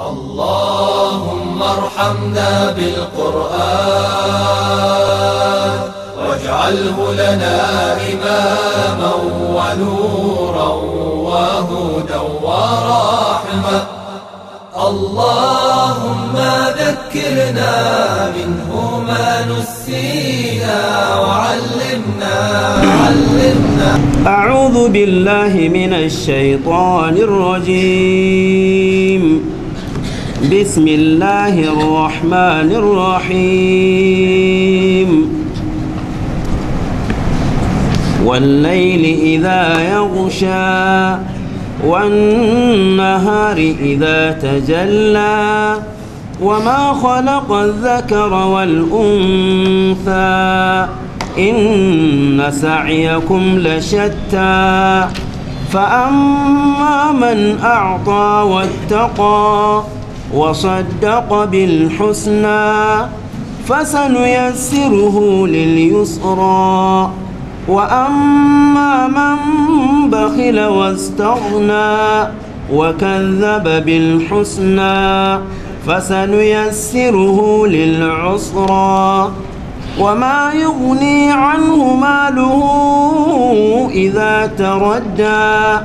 اللهم ارحمنا بالقرآن واجعله لنا إماما ونورا وهدى ورحمة اللهم ذكرنا منه ما نسينا وعلمنا علمنا أعوذ بالله من الشيطان الرجيم بسم الله الرحمن الرحيم والليل إذا يغشى والنهار إذا تجلى وما خلق الذكر والأنثى إن سعيكم لشتى فأما من أعطى واتقى وصدق بالحسنى فسنيسره لليسرى وأما من بخل واستغنى وكذب بالحسنى فسنيسره للعسرى وما يغني عنه ماله إذا تردى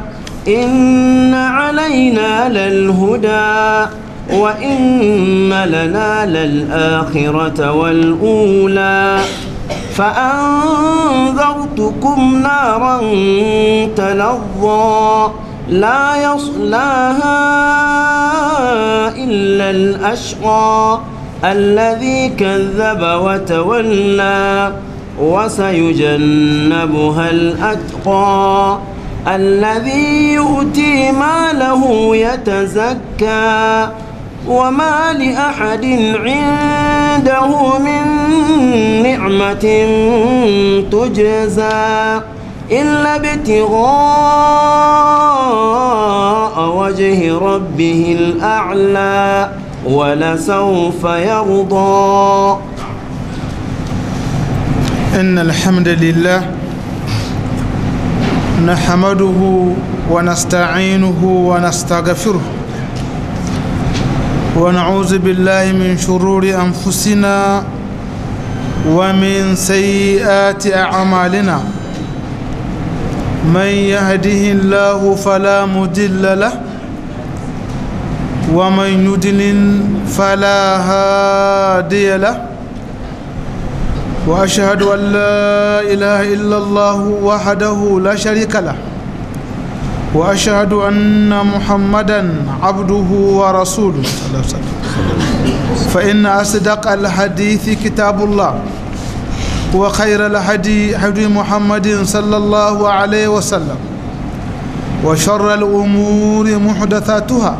إن علينا للهدى وإن لنا للآخرة والأولى فأنذرتكم نارا تلظى لا يصلاها إلا الأشقى الذي كذب وتولى وسيجنبها الأتقى الذي يؤتي ماله يتزكى وما لأحد عنده من نعمة تجزى إلا ابتغاء وجه ربه الأعلى ولسوف يرضى إن الحمد لله نحمده ونستعينه ونستغفره ونعوذ بالله من شرور أنفسنا ومن سيئات أعمالنا من يهده الله فلا مدل له ومن يدلل فلا هادي له وأشهد أن لا إله إلا الله وحده لا شريك له وأشهد أن محمدا عبده ورسوله فإن أصدق الحديث كتاب الله وخير الهدي هدي محمد صلى الله عليه وسلم وشر الأمور محدثاتها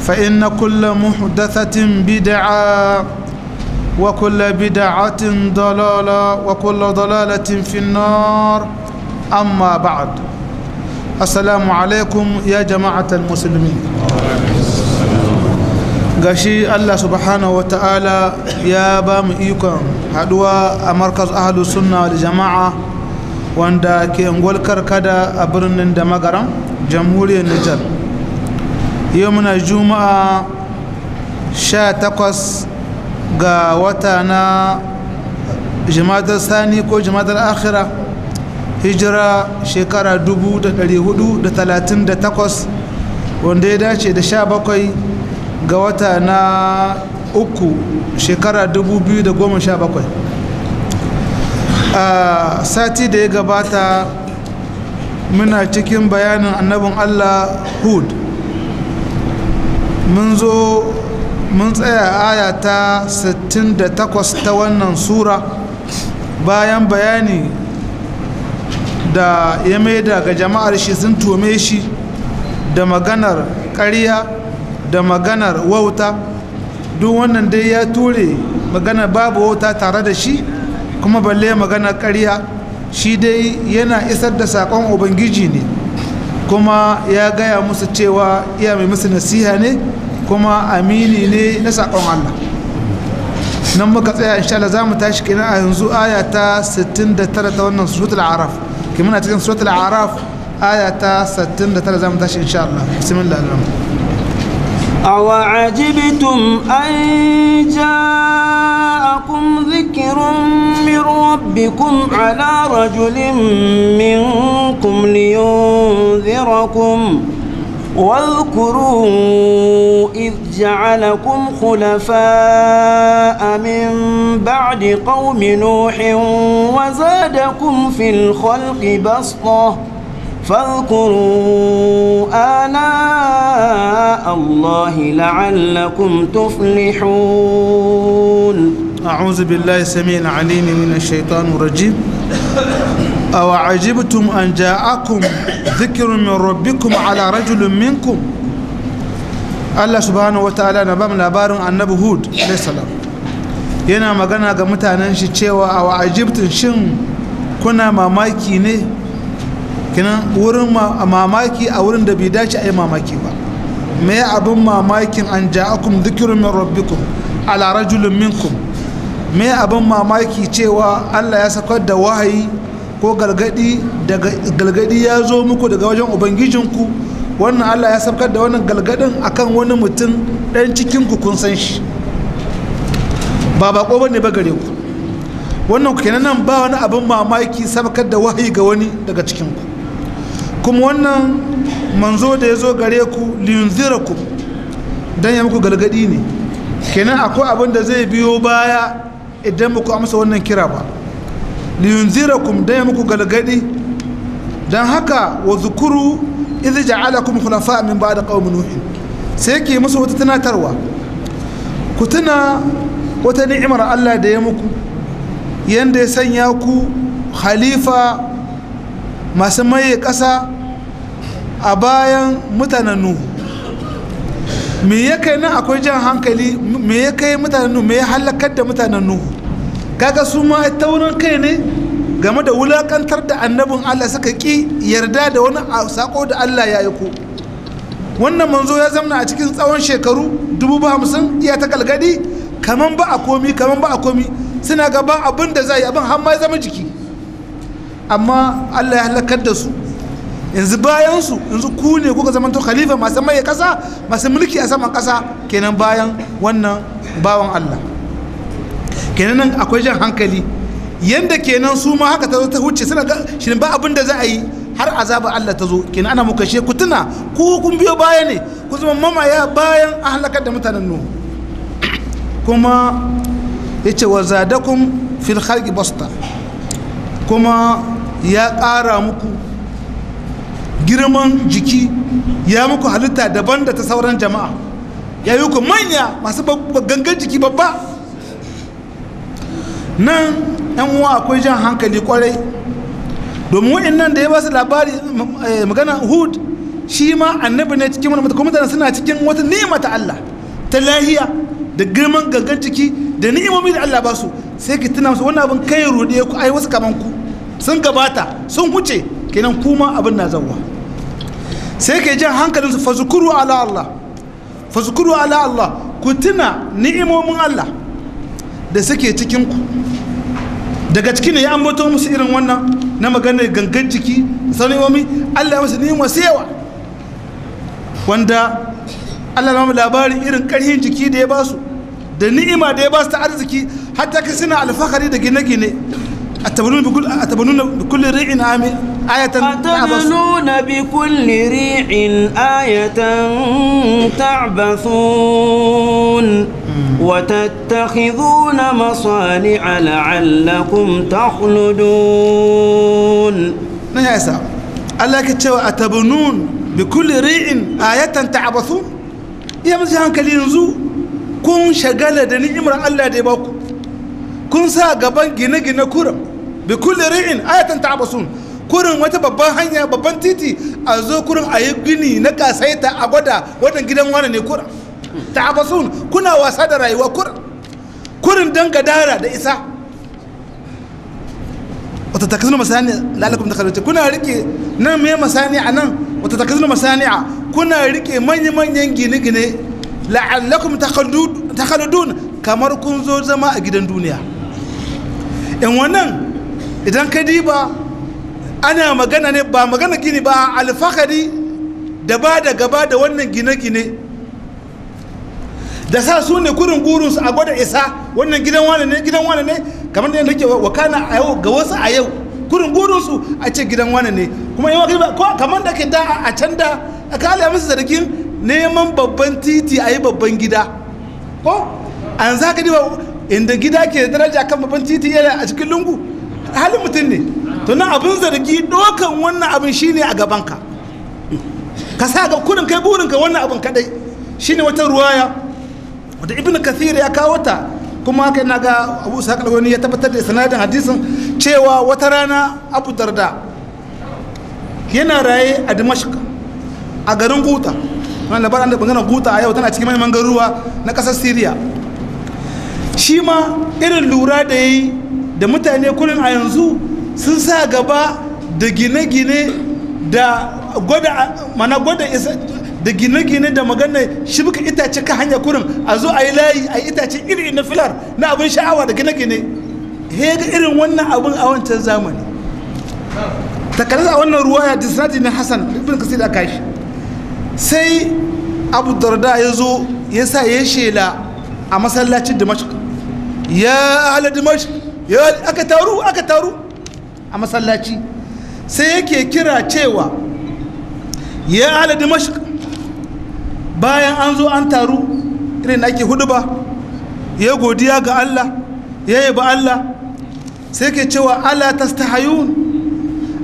فإن كل محدثة بدعة وكل بدعة ضلالة وكل ضلالة في النار أما بعد assalamu alaikum ya jama'atar musulmi gashi allah subhanahu ta'ala ya ba mu ikon haduwa a markaz ahalu sunna da jama'a wanda ke ngwalkar kada a birnin da magaran jamhuriyar nijar yau muna juma'a 18 ga wata na jimadar sani ko jimadar akhira hijira shekara 438 wanda ya dace da 17 ga wata na uku shekara 2017 a sati da ya gabata muna cikin bayanin annabin allah hud mun zo mun tsaya aya ta 68 ta wannan sura bayan bayani da ya maida ga jama'ar shi sun tome shi da maganar karya da maganar wauta duk wannan dai ya ture maganar babu wauta tare da shi kuma balle maganar karya shi dai yana isar da sakon ubangiji ne kuma ya gaya musu cewa iya mai musu nasiha ne kuma amini ne na saƙon Allah nan muka tsaya insha Allah za mu tashi kenan a yanzu aya ta 69 ta wannan suratul araf كمان تجد سورة الاعراف آية ستين لتالة زي متاشي إن شاء الله بسم الله الرحمن أو عجبتم أن جاءكم ذكر من ربكم على رجل منكم لينذركم واذكروا إذ جعلكم خلفاء من بعد قوم نوح وزادكم في الخلق بسطة فاذكروا آلاء الله لعلكم تفلحون أعوذ بالله السميع العليم من الشيطان الرجيم awa ajibtum an ja'akum dhikrun min rabbikum ala rajulun minkum Allah subhanahu wataala na bamu labarin annabi Hud salam yana magana ga mutanen shi cewa awa ajibtum shin kuna mamaki ne kinan wurin mamaki a wurin da bai dace a yi mamaki ba me abin mamakin an ja'akum dhikrun min rabbikum ala rajulun minkum me abin mamaki cewa Allah ya sakar da wahayi ko galgadi daga galgadi ya zo muku daga wajen ubangijinku wannan allah ya sabkar da wannan galgadin akan wani mutum dan cikinku kun san shi ba bako ba ne ba gare ku wannan ku kenan nan ba wani abin mamaki sabkar da wahayi ga wani daga cikinku kuma wannan manzo da ya zo gare ku ku Dan ya muku galgadi ne kenan akwai abin da zai biyo baya idan muku amsa wannan kira ba liyunzirakum dan muku galgadi dan haka wa zukuru idh ja'alakum khulafa min ba'da qaum nuh sai ke musu wata tunatarwa ku tuna wata ni'imar Allah da ya muku yanda ya sanya ku khalifa masu maye kasa a bayan mutanen nuh me ya kai nan akwai jan hankali me ya mutanen nuh me ya halakar da mutanen nuhu kaga su ma a taunin kai ne game da wulakantar da annabin Allah suka ƙi yarda da wani sako da Allah ya aiko wannan manzo ya zamna a cikin tsawon shekaru dubu ba hamsin iya ta kalgadi kaman ba a komi kaman ba a komi suna gaba abin da za yi abin har ma ya zama jiki amma Allah ya halakar da su yanzu bayan su yanzu ku ne kuka zama to khalifa masu mai kasa masu mulki a saman kasa kenan bayan wannan bawan Allah kenan nan akwai jan hankali yanda kenan su ma haka ta zo ta huce suna ga shi ba abin da za a yi har azaba Allah ta zo kenan ana muka she ku tuna ku kun biyo baya ne ku zama mamaya bayan an halakar da mutanen nu kuma yace wa zadakum fil khalqi basta kuma ya ƙara muku girman jiki ya muku halitta daban da ta sauran jama'a ya yi ku manya masu gangan jiki babba nan yan uwa akwai jan hankali kwarai domin nan da ya ba su labari eh, magana hud shi ma annabi ne cikin wani kuma mutane suna cikin wata ni'ima ta Allah ta lahiya da girman gangan ciki da ni'imomi da Allah ba su sai ki tuna su wani abin kai rude ku ai wasu kaman ku sun gabata sun huce kenan kuma abin na zawa sai ke jan hankalin su fazukuru ala Allah fazukuru ala Allah ku tuna ni'imomin Allah da suke cikinku daga ciki ne ya ambato musu irin wannan na maganar gangan jiki sanimomi allah masu ni masu yawa wanda allah mamu labarin irin karhin jiki da ya basu da ni'ima da ya basu ta arziki hatta ka suna alfahari da gine-gine أتبنون بكل أتبنون بكل ريع عام آية أتبنون بكل ريع آية تعبثون وتتخذون مصانع لعلكم تخلدون نهاية ساعة الله كتشوى أتبنون بكل ريع آية تعبثون يا مزيان كلينزو كون شغالة دني إمرأة الله دي باكو kun sa جنة جنة كورم bi kulli ri'in ayatan ta'basun kurin wata babban hanya babban titi a zo kurin a yi gini na kasaita a gwada wannan gidan wani ne kura ta'basun kuna wasa da rayuwa kura kurin don gadara da isa wata takazinu masani lalakum da karanta kuna rike nan me masani a nan wata takazinu masani a kuna rike manya-manyan gine-gine la'allakum takhaludun kamar kun zo zama a gidan duniya in wannan idan ka diba ana magana ne ba magana gini ba alfahari da ba da gaba da wannan gine-gine da sa su ne kurin su a gwada isa wannan gidan wane ne gidan wane ne kamar da wa wakana a yau ga wasu a yau kurin su a ce gidan wane ne kuma yawa ko kamar da ke da a can da kala ya musu zargin neman babban titi a yi babban gida ko an za ka diba inda gida ke daraja kan babban titi yana a cikin lungu halin mutum ne tunan abin zargi dokan wannan abin shine a gabanka ka sa ga kurin kai burin ka wannan abin kadai shine wata ruwaya wata ibn kathir ya kawo ta kuma kai na ga abu sa kalwani ya tabbatar da sanadin hadisin cewa wata rana abu darda yana raye a dimashq a garin guta wannan labarin da bangaren guta a yau tana cikin manyan garuruwa na kasar syria shi ma irin lura da ya yi da mutane kurin a yanzu sun sa gaba da gine-gine da gwada mana gwada isa da gine-gine da magana shibka itace ka hanya kurin a zo a yi layi a yi itace iri na filar na abin sha'awa da gine-gine he ga irin wannan abin a wancan zamani takalar a wannan ruwa ya disnati na hassan ibn kasir da kashi sai abu darda ya zo ya sa ya shela a masallacin dimashq ya ala dimashq ya aka taru aka taru a masallaci sai yake kira cewa ya ala dimashq bayan an zo an taru irin da ake hudu ba ya godiya ga Allah ya yaba Allah sai ke cewa ala tastahayun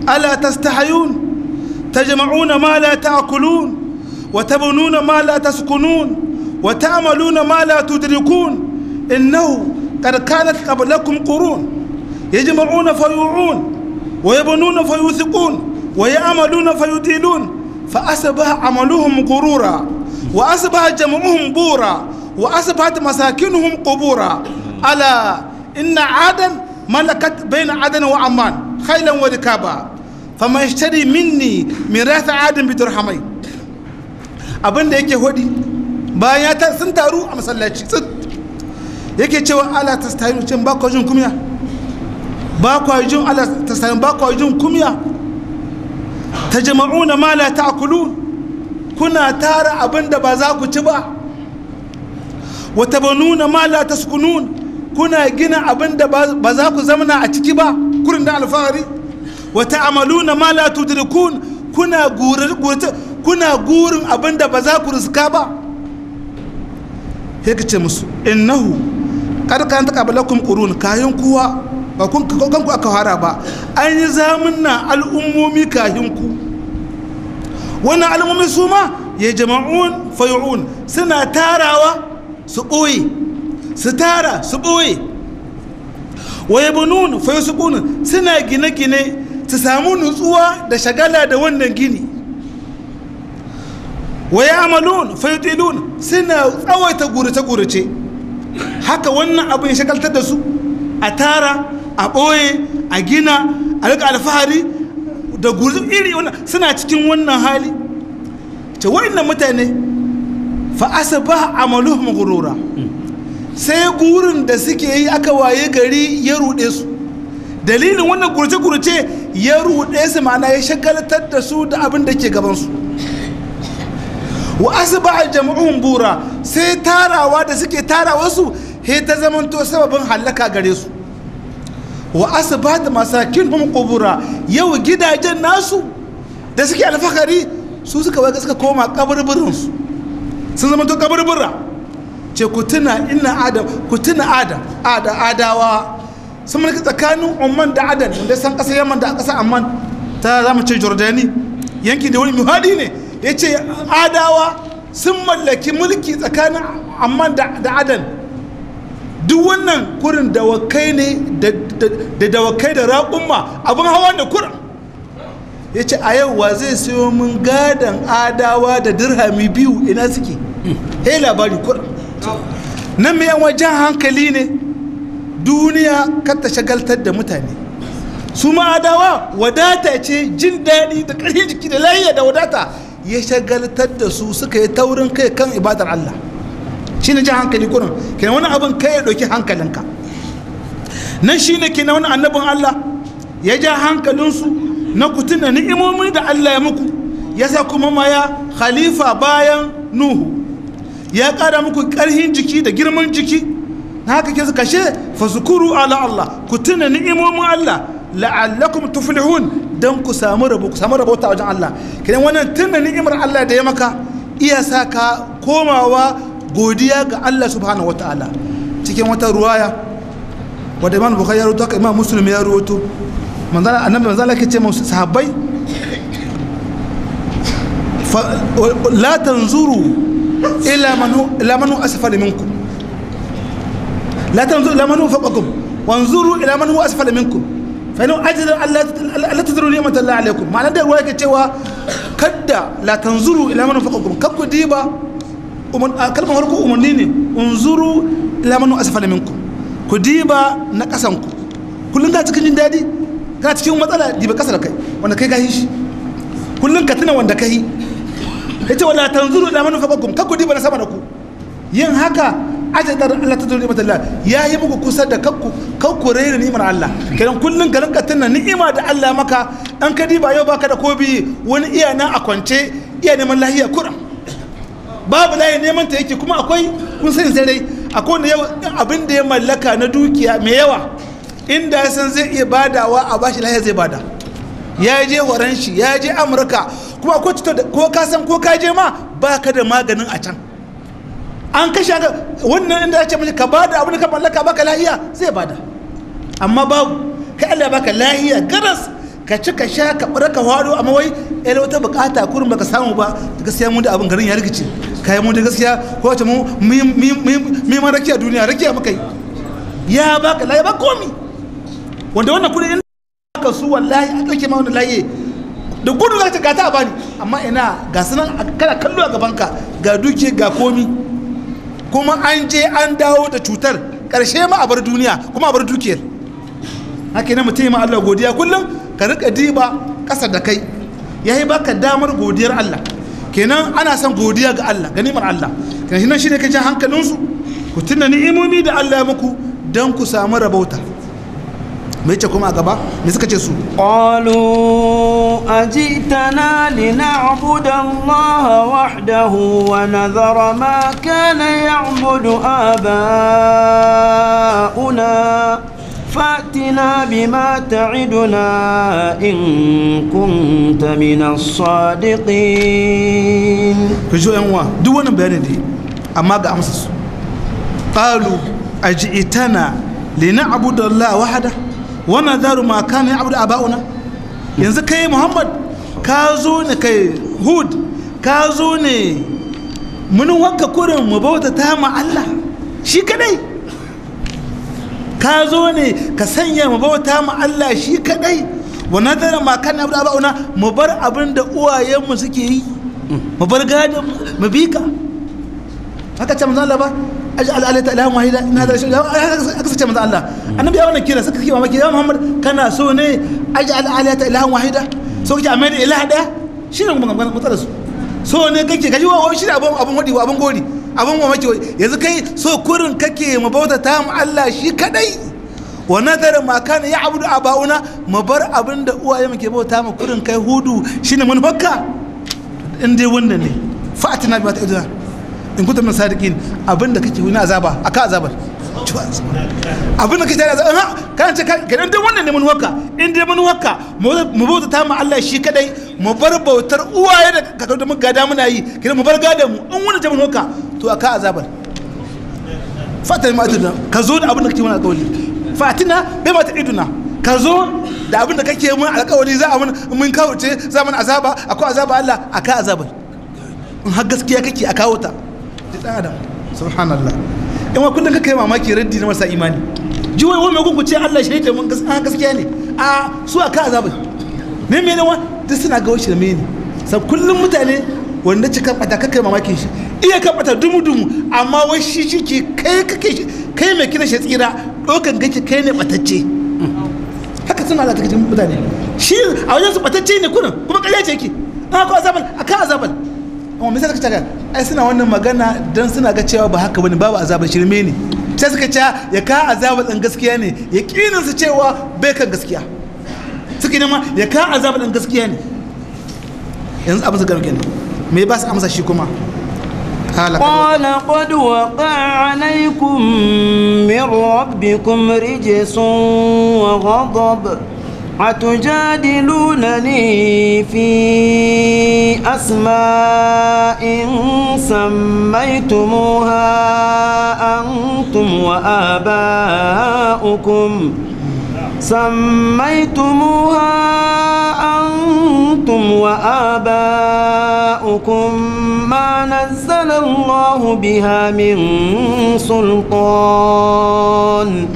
ala ta jama'una ma la ta'kulun wa tabununa ma la sukunun wa ta'maluna ma la tudrikun innahu قد كانت قبلكم قرون يجمعون فيوعون ويبنون فيوثقون ويعملون فيدينون فأصبح عملهم غرورا وأصبح جمعهم بورا وأصبحت مساكنهم قبورا ألا إن عادا ملكت بين عدن وعمان خيلا وركابا فما يشتري مني ميراث عاد بدرهمين abin da yake hudi bayan ya sun taru a masallaci yake cewa ala ta stahiru cin ba jin kumya ba kwa jin ala ta stahiru ba kwa jin kumiya ta ma la ta akulu kuna tara abin da ba za ku ci ba wata banuna ma la ta sukunun kuna gina abin da ba za ku zamana a ciki ba kurin da alfahari wata amalu ma la tudrikun kuna kuna gurin abin da ba za ku riska ba yake ce musu innahu kada kan ta kabala kum kurun kayan kuwa ba kun kan ku aka fara ba an yi na al'ummomi kayan ku wani al'ummomi su ma ya jama'un fay'un suna tarawa su ɓoye su tara su ɓoye waye su ɓoye suna gine-gine su samu nutsuwa da shagala da wannan gini waye amalun fayutilun suna tsawaita gurace-gurace haka wannan abu ya shagaltar da su a tara a ɓoye a gina a rika alfahari da gurzu iri wannan suna cikin wannan hali ta wa'annan mutane fa'asa ba amalu magurora sai gurin da suke yi aka waye gari ya ruɗe su dalilin wannan gurce-gurce ya ruɗe su ma'ana ya shakaltar da su da abin da ke gabansu wa asbaha jam'un bura sai tarawa da suke tarawa su he ta zamanto sababin halaka gare su wa masakin masakinhum kubura yau gidajen nasu da suke alfahari su suka waga suka koma kaburburin su sun zamanto kaburbura ce ku tuna inna adam ku tuna adam ada adawa sun mulki tsakanin umman da adan wanda san kasar yaman da kasar amman ta zama ce jordani yankin da wani muhadi ne ya ce adawa sun mallaki mulki tsakanin amman da adan duk wannan kurin dawakai ne da dawakai da raƙumma abin hawa da kurin ya ce a yau wa zai sayo min gadon adawa da dirhami biyu ina suke He labari kurin nan mai wajen hankali ne duniya kar shagaltar da mutane su ma adawa wadata ce jin daɗi da ƙarfin jiki da layya da wadata ya shagaltar da su suka yi taurin kai kan ibadar Allah shi ne jin hankali kurin kenan wani abin kai ya ɗauki hankalinka nan shi ne wani annabin Allah ya ja hankalinsu na kutuna ni'imomi da Allah ya muku ya sa kuma maya khalifa bayan nuhu ya ƙara muku ƙarfin jiki da girman jiki na haka ke kashe fasukuru ala Allah ku tuna ni'imomin Allah la'allakum tuflihun don ku samu rabu ku samu rabo ta wajen Allah kidan wannan tun da ni'imar Allah da ya maka iya sa ka komawa godiya ga Allah subhanahu wataala cikin wata ruwaya wadda Imam Bukhari ya rawaito Imam Muslim ya rawaito manzon annabi manzon Allah yake ce musu sahabbai la tanzuru ila man ila man asfala minkum la tanzuru ila man faqakum wanzuru ila man huwa asfala minkum fa in ajizan Allah ta zuru ni'mat Allah alaikum ma'anar da ruwa yake cewa kadda la zuru ila man faqakum kakku diba kalmar harko umarni ne unzuru ila man asfala minkum ku diba na kasan ku kullun ka cikin jin dadi ka cikin matsala diba kasa da kai wanda kai gahi shi kullun ka tuna wanda kai yace wala tanzuru ila man faqakum kakku diba na sama da ku yin haka ajadar Allah ta zuri mata ya yayi muku kusa da kakku kakku raina ni'imar Allah kenan kullun ka tunna ni'ima da Allah maka an ka diba yau baka da kobi wani iya nan a kwance iya neman lahiya kur'an. babu layi neman ta yake kuma akwai kun sani sai dai akwai wanda yau abin da ya mallaka na dukiya mai yawa inda ya san zai iya badawa a bashi lahiya zai bada ya je horon shi ya je amurka kuma ko ka san ko ka je ma baka da maganin a can an kashe ka wannan inda ya ce ka bada abin ka mallaka baka lahiya zai bada amma babu kai Allah ya baka lahiya garas ka ci ka sha ka bara ka hado amma wai ya wata bukata kurin baka samu ba gaskiya mu da abin garin ya rikice kai mu da gaskiya ko wace mu mi ma rakiya duniya rakiya muka yi ya baka lahiya ba komi wanda wannan kudin ka su wallahi a ɗauke ma wani lahiya da gudu za ta gata a bani amma ina ga sunan kana kallo a gabanka ga duke ga komi kuma an je an dawo da cutar karshe ma a bar duniya kuma a bar dukiyar haka na mutum ma Allah godiya kullum ka rika diba ƙasa da kai ya yi baka damar godiyar Allah kenan ana son godiya ga Allah ganimar Allah kenan shi ne ka hankalin hankalinsu ku tuna ni'imomi da Allah ya muku don ku samu rabauta mai ce kuma a gaba me suka ce su ƙwalo a ji ta na lina abudan maha wahda huwa na zara maka na ya abudu a ba una fatina bi ma ta iduna in kunta mina sadiqin ku ji yan wa duk wani bayani ne amma ga amsa su ƙwalo a ji ita na lina abudan maha wahda wannan zaru ma kana abu da aba'una yanzu kai muhammad ka zo ne kai hud ka zo ne mun wanka kurin mu bauta ta ma allah shi kadai ka zo ne ka sanya mu bauta ma allah shi kadai wana daru ma kana abu da aba'una mu bar abin da uwayenmu suke yi mu bar gadon mu bi ka haka ce manzo allah ba aj'al alata ilahan wahida in hadha shay'un aka sace manzo Allah annabi ya wannan kira suka kike mamaki ya Muhammad kana so ne aj'al alata ilahan wahida so kike amma da ilaha daya shine mun ga matsalar su so ne kake kaji wa shi abun abun hadi abun gori abun mamaki yanzu kai so kurin kake bauta ta mu Allah shi kadai wa nadar ma kana ya abudu abauna mu bar abin da uwaye muke bauta mu kurin kai hudu shine mun hokka in dai wannan ne fa'atina bi ta idana in kuta na sadiqin abinda kake wani azaba ka azabar abinda kake tare azaba kan ce kai dan wannan ne mun waka in dai mun waka mu bauta ta mu Allah shi kadai mu bar bautar uwaye da kakau da mun gada muna yi kidan mu bar gada mu in wani ta mun waka to ka azabar fatar ma iduna ka zo da abin da kake mana alƙawari fatina bai mata iduna ka zo da abin da kake mun alƙawari za a mun mun kawo ce za mun azaba akwai azaba Allah ka azabar in har gaskiya kake a kawo ta adam subhanallah in wa kullum kaka yi mamaki raddi na marasa imani jiwai wani mai gungu ce Allah shi ne mun gaskiya ne a su a ka azabin ne me ne wa duk suna ga wace me ne sab kullum mutane wanda ci karbata kaka yi mamakin shi iya karbata dumu dumu amma wai shi shi ke kai kake kai mai kina shi tsira ɗaukan gaki kai ne batacce haka suna da cikin mutane shi a wajen su batacce ne kunan kuma ƙarya ce ki an haka azabal a ka azabal kuma misali sai suka ce ai suna wannan magana dan suna ga cewa ba haka bane babu azabar shirme ne sai suka ce ya ka azabar dan gaskiya ne yaqinin su cewa bai kan gaskiya suka nema ya ka azabar dan gaskiya ne yanzu abin su gina me ba su amsa shi kuma قال قد وقع عليكم من ربكم رجس وغضب أتجادلونني في أسماء سميتموها أنتم وآباؤكم سميتموها أنتم وآباؤكم ما نزل الله بها من سلطان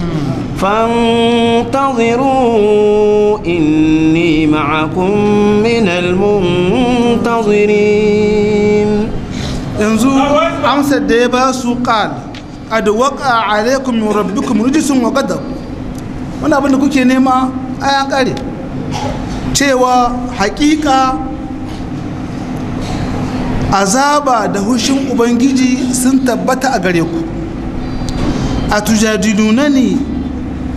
فانتظروا إني معكم من المنتظرين yanzu amsar da ya ba su qal ad waqa alaikum min rabbikum rijsun wa ghadab wannan abin da kuke nema ayan kare cewa hakika azaba da hushin ubangiji sun tabbata a gare ku a tujadilunani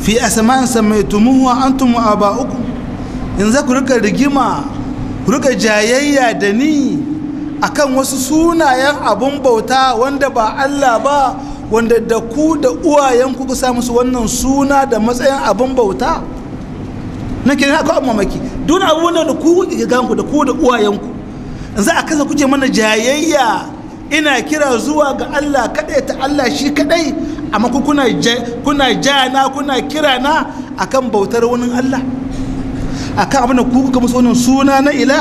fi asman samaitumuhu tumu wa uku, in za ku rika rigima ku rika jayayya da ni a kan wasu sunayen abun bauta wanda ba Allah ba wanda da ku da uwayen ku sa musu wannan suna da matsayin abun bauta na ke akwai abu mamaki abu wanda da ku ganku da ku da in za a kasa kuje mana jayayya ina kira zuwa ga Allah kaɗai ta Allah shi kaɗai amma ku kuna kuna na, kuna kira na akan bautar wani Allah akan abin da ku kuka musu wani suna na ila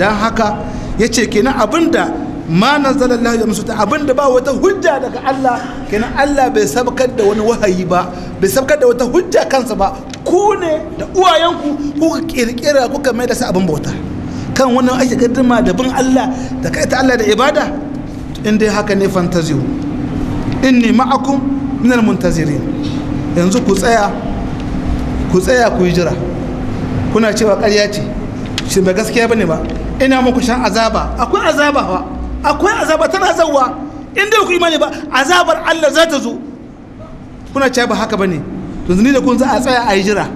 dan haka yace kenan abinda ma nazala Allah ya musu abinda ba wata hujja daga Allah kenan Allah bai sabkar da wani wahayi ba bai sabkar da wata hujja kansa ba ku ne da uwayenku kuka kirkira kuka mai da sa abin bauta kan wannan ake gaddama da bin Allah da kai ta Allah da ibada in dai haka ne fantaziyo inni ma'akum minal muntazirin yanzu ku tsaya ku tsaya ku yi jira kuna cewa ƙarya ce shi ba gaskiya bane ba ina muku shan azaba akwai azaba fa akwai azaba tana zauwa, in ku imani ba azabar Allah za ta zo kuna cewa ba haka bane to ni da kun za a tsaya a yi jira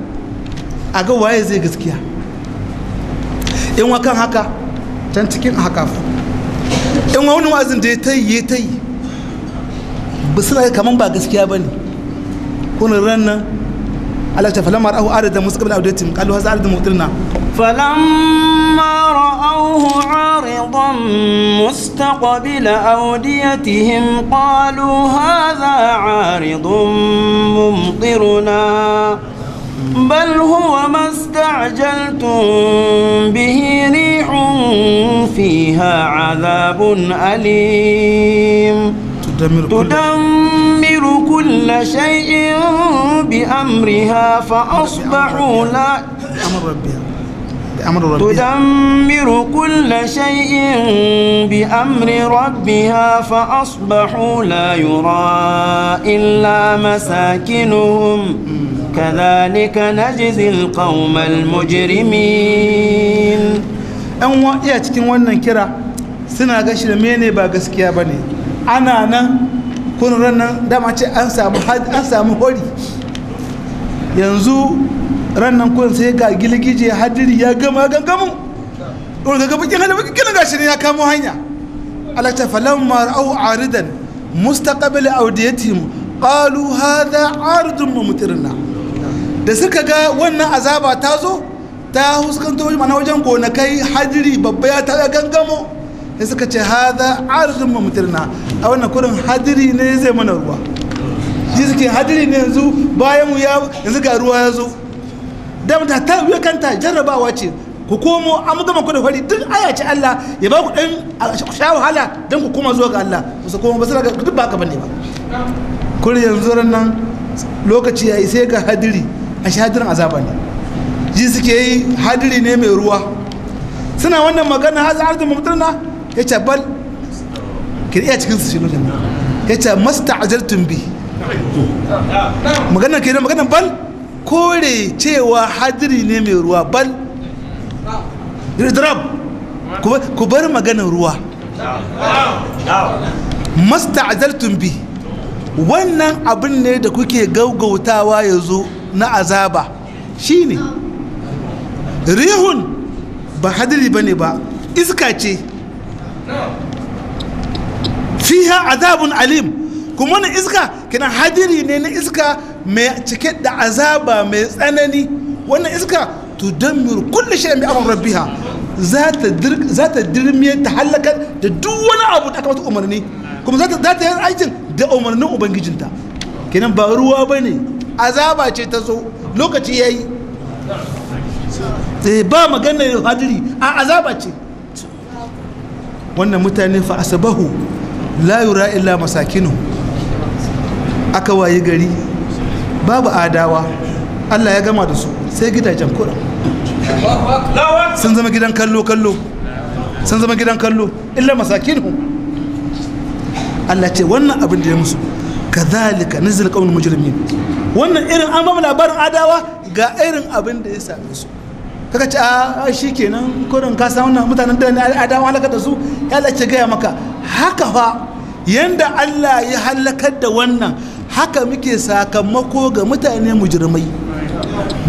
a ga waye zai gaskiya in wa kan haka can cikin haka in wa wani wazin da ya tayi ya tayi ba suna kaman ba gaskiya ba ne kunin ran nan Allah ta falamma ra'ahu arada mustaqbal awdatim qalu hadha arada mutirna falamma ra'awhu aridan mustaqbil awdiyatihim qalu hadha aridun mumtiruna بل هو ما استعجلتم به ريح فيها عذاب أليم تدمر كل شيء بأمرها فأصبحوا لا بأمر ربها بأمر ربها تدمر كل شيء بأمر ربها فأصبحوا لا يرى إلا مساكنهم كذلك نجزي القوم المجرمين أن وإياتك وأن كرا سنة غشر ميني با غسكيا بني ana nan kunin nan dama ce an samu hori yanzu nan kun sai ga giligije hadiri ya gama gangamu ɗora ga gaba kina kina gashi ne ya kamo hanya alakta falon mar'au aridan mustaqabila audiyatihim qalu hadha aridun mumtirna da suka ga wannan azaba ta zo ta huskanto mana wajen gonakai hadiri babba ya ta gangamo sai suka ce haza arzun mamtirna a wannan kurin hadiri ne zai mana ruwa shi suke hadiri ne yanzu bayan mu yanzu ga ruwa ya zo da ta ta wuya kanta jarrabawa ce ku komo an gama ku da fari duk aya ce Allah ya ba ku ɗan sha wahala don ku koma zuwa ga Allah ba su koma ba su duk ba ka bane ba kuri yanzu ranar nan lokaci yi sai ga hadiri a shadirin azaba ne ji suke yi hadiri ne mai ruwa suna wannan magana hazar arzikin mutum na ya ce bal iya cikin su ya ce masta maganar kenan maganar bal kore cewa hadiri ne mai ruwa bal drab ku bar maganar ruwa masta bi wannan abin ne da kuke gaugautawa ya zo na azaba shine rihun ba hadiri ba ne ba iska ce fiha azabun alim kuma wannan iska kina hadiri ne na iska mai cike da azaba mai tsanani wannan iska tudammir kulli shay'in bi amri rabbiha za ta dirmiye ta halaka da duk wani abu da aka mata umarni kuma za ta yi aikin da umarnin ubangijinta kenan ba ruwa bane azaba ce ta zo lokaci yayi eh, ba maganar hadiri a azaba ce wannan mutane fa asabahu la yura illa masakinu aka waye gari babu adawa Allah ya gama da su sai gidajen kura sun zama gidan kallo kallo sun zama gidan kallo illa masakinu Allah ce wannan abin da ya musu zalika nizil kaunin mujrimin wannan irin an ba labarin adawa ga irin abin da ya same su kaka ce a shi kenan kurin ka samu na mutanen da ya dama halakar da su ya lace gaya maka haka fa yanda allah ya halakar da wannan haka muke sakamako ga mutane mujirmai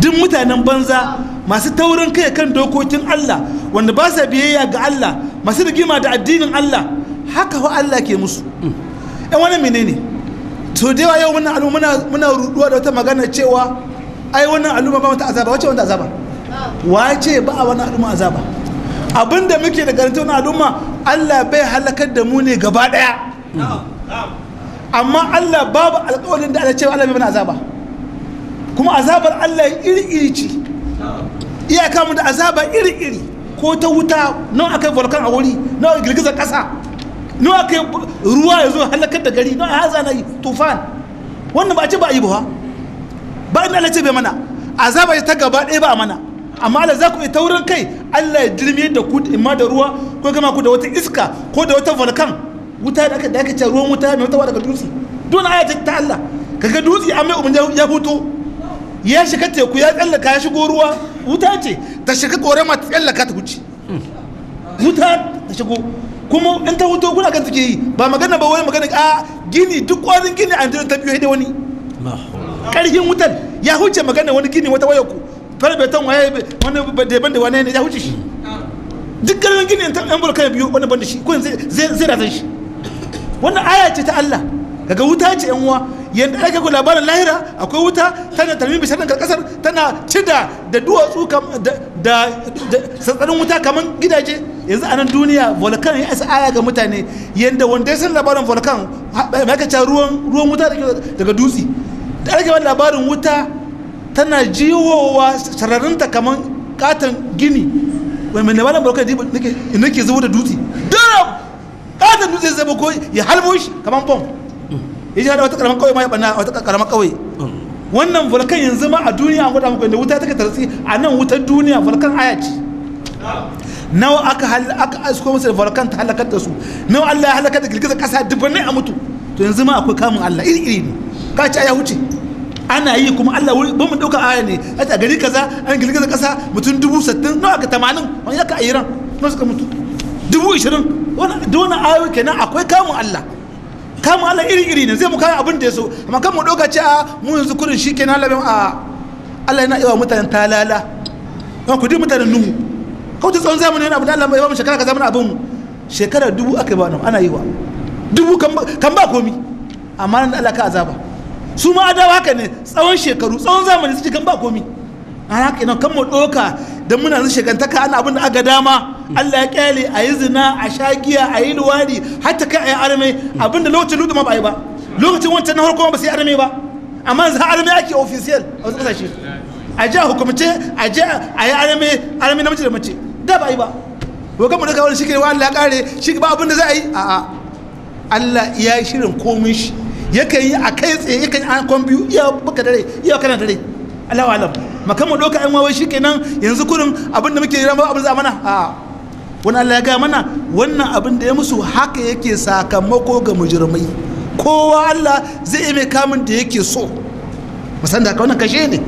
duk mutanen banza masu taurin kai kan dokokin allah wanda ba sa biyayya ga allah masu rigima da addinin allah haka fa allah ke musu yan eh, wani menene to da yawa yau muna ruduwa da wata magana cewa ai wannan al'umma ba mata azaba wacce wanda azaba wace ba a wani al'umma azaba abinda muke da karanta wani al'umma Allah bai halakar da mu ne gaba daya amma Allah babu alƙawarin da Allah cewa Allah bai mana azaba kuma azabar Allah iri iri ce iyaka mu da azaba iri iri ko ta wuta nawa akai volkan a wuri nawa girgizar ƙasa nawa akai ruwa ya zo halakar da gari nawa haza na tufan wannan ba a ce ba a yi ba ba inda Allah ce bai mana azaba ta gaba ɗaya ba a mana amma da za ku yi taurin kai allah ya jirme da ku imma da ruwa ko gama ku da wata iska ko da wata volkan wuta da aka da aka ce ruwan wuta mai wuta daga dutse don aya ta allah kaga dutse an mai ya hutu ya shiga teku ya tsallaka ya shigo ruwa wuta ce ta shiga kore ma ta tsallaka ta huce wuta ta shigo kuma in ta wuto kuna kan take yi ba magana ba wani magana a gini duk kwarin gini an ta biyo da wani karfin wutan ya huce magana wani gini wata wayar ku kwalbeton waye wani daban da wani ya wuce shi duk garin gini ta yan bulkan biyu wani banda shi kun zai ratan shi wannan aya ce ta Allah daga wuta ce yan uwa yanda ake ku labarin lahira akwai wuta tana tarmi bishan nan karkasar tana cida da duwatsu da tsatsarin wuta kamar gidaje yanzu a nan duniya volkan ya isa aya ga mutane yanda wanda ya san labarin volkan maka ruwan ruwan wuta daga dutse da ake labarin wuta tana jiwowa sararinta kamar katon gini wai mai nemanin barka ji nake zuwa da dutse dole katon dutse zai ko ya halbo shi kamar pom ya ji hada wata karamar kawai ma ya bana wata karamar kawai wannan vulkan yanzu ma a duniya an gwada muku da wuta take tarsi a nan wutar duniya vulkan aya ce nawa aka aka asko musu da vulkan ta halakar da su nawa Allah ya halakar da girgizar kasa dubanai a mutu to yanzu ma akwai kamun Allah iri iri ne ka ci a ya huce ana yi kuma Allah wuri ba mu dauka aya ne a ta gari kaza an gari kaza kasa mutum dubu sattin n'o aka tamanin wani aka ayyuran n'o suka mutu dubu ishirin da wani ayoyi kenan akwai kamun Allah kamun Allah iri iri ne zai mu kawo abin da ya so amma kan mu dauka ce a mu yanzu kudin shi kenan bai a Allah yana wa mutanen talala don ku duk mutanen nuhu kawai ta tsawon zamanin abu da Allah bai ba mu shekara kaza mana abin mu shekara dubu aka yi ba ana yi wa dubu kan ba komi amma nan da Allah ka azaba su ma adawa haka ne tsawon shekaru tsawon zamani su kan ba komi a haka ina kan mu doka don muna zan shekantaka ana abin da aga dama Allah ya kyale a yi zina a sha giya a yi luwari ta kai a yi arme abin da lokacin ludu ma ba yi ba lokacin wancan na harkoma ba sai arame ba amma za arame ake ofisiyal a wasu kasashe a ji a hukumce a ji a yi arame na mace da mace da ba yi ba wakan mu da kawai shi ke wa Allah ya kare shi ba abin da za a yi a'a Allah ya shirin komai shi yake yi a kai tsaye yake yi an kwan biyu iya baka dare iya na dare Allahu alam makan mu doka an shi kenan yanzu kurin abin da muke ramar abin zamana a wani Allah ya ga mana wannan abin da ya musu haka yake sakamako ga mujirmai kowa Allah zai yi mai kamun da yake so musan da wannan kashe ne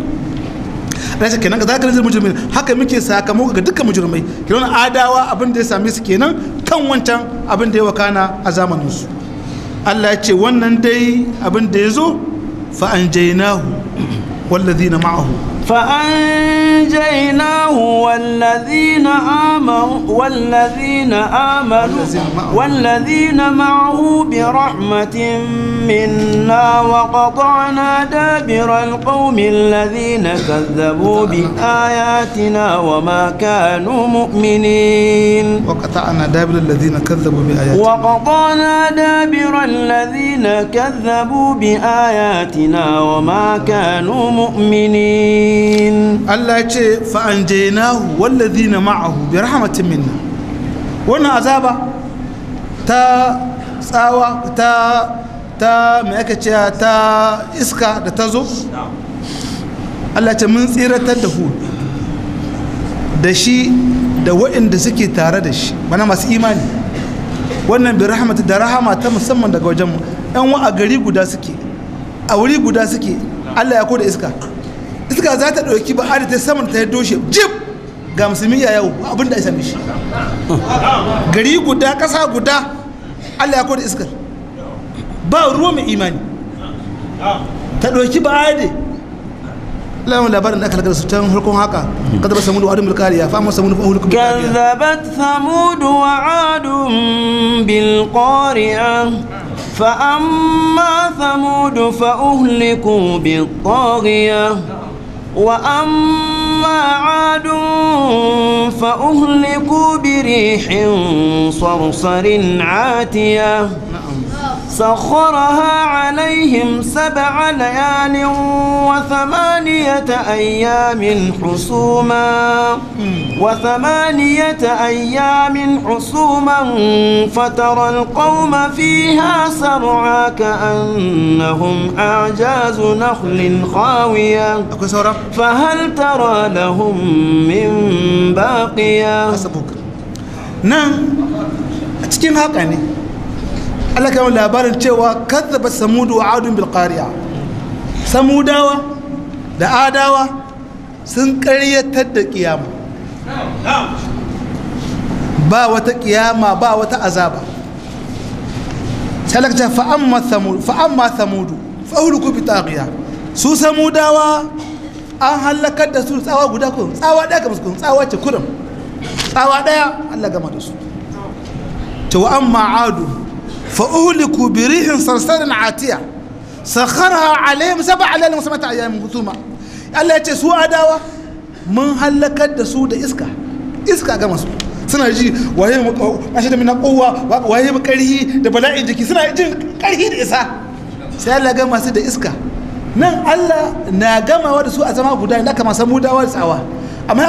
rashin kenan za ka nazar mujirmai haka muke sakamako ga dukkan mujirmai kenan adawa abin da ya same su kenan kan wancan abin da ya wakana a zamaninsu Allah ya ce wannan dai abin da ya zo wallazi na ma'ahu فأنجيناه والذين آمنوا والذين آمنوا والذين معه برحمة منا وقطعنا دابر القوم الذين كذبوا بآياتنا وما كانوا مؤمنين وقطعنا دابر الذين كذبوا بآياتنا وقطعنا دابر الذين كذبوا بآياتنا وما كانوا مؤمنين alamin Allah ya ce fa'anjainahu wallazina ma'ahu bi rahmatin minna wannan azaba ta tsawa ta ta mai aka ce ta iska da ta zo Allah ce mun tsiratar da hud da shi da waɗanda suke tare da shi mana masu imani wannan bi rahmatu da rahama ta musamman daga wajen mu yan wa a gari guda suke a wuri guda suke Allah ya koda iska iska za ta ɗauki ba ada ta saman ta doshe jib ga musulmi ya yau abin da ya same shi gari guda ƙasa guda allah ya koda iskar ba ruwa mai imani ta ɗauki ba ada lawan labarin da aka lagara su can harkon haka kada ba samudu wadun bilkariya fa amma samudu fa'udu kuma kazzabat samudu wa adun bilkariya فأما ثمود فأهلكوا بالطاغية وأما عاد فأهلكوا بريح صرصر عاتية سخرها عليهم سبع ليال وثمانية أيام حسوما وثمانية أيام حسوما فترى القوم فيها سرعا كأنهم أعجاز نخل خاوية فهل ترى لهم من باقية نعم cikin haka ne Allah kama labarin cewa kazzaba samudu wa adun bil qari'a samudawa da adawa sun karyatar da kiyama ba wata kiyama ba wata azaba salakta fa amma samudu fa amma samudu fa hulku bi taghiya su samudawa an halakar da su tsawa guda kun tsawa daya kamar kun tsawa ce kurum tsawa daya Allah gama da su to amma adu فأهلكوا بريح صرصر عاتية سخرها عليهم سبع ليال وسبعة أيام ثم Allah ya ce su adawa mun halakar da da iska iska ga masu suna ji waye mu ashe da mina kowa waye mu karhi da bala'in jiki suna jin karhi da isa sai Allah ga masu da iska nan Allah na gamawa da su a zama guda inda kama san mudawa da tsawa amma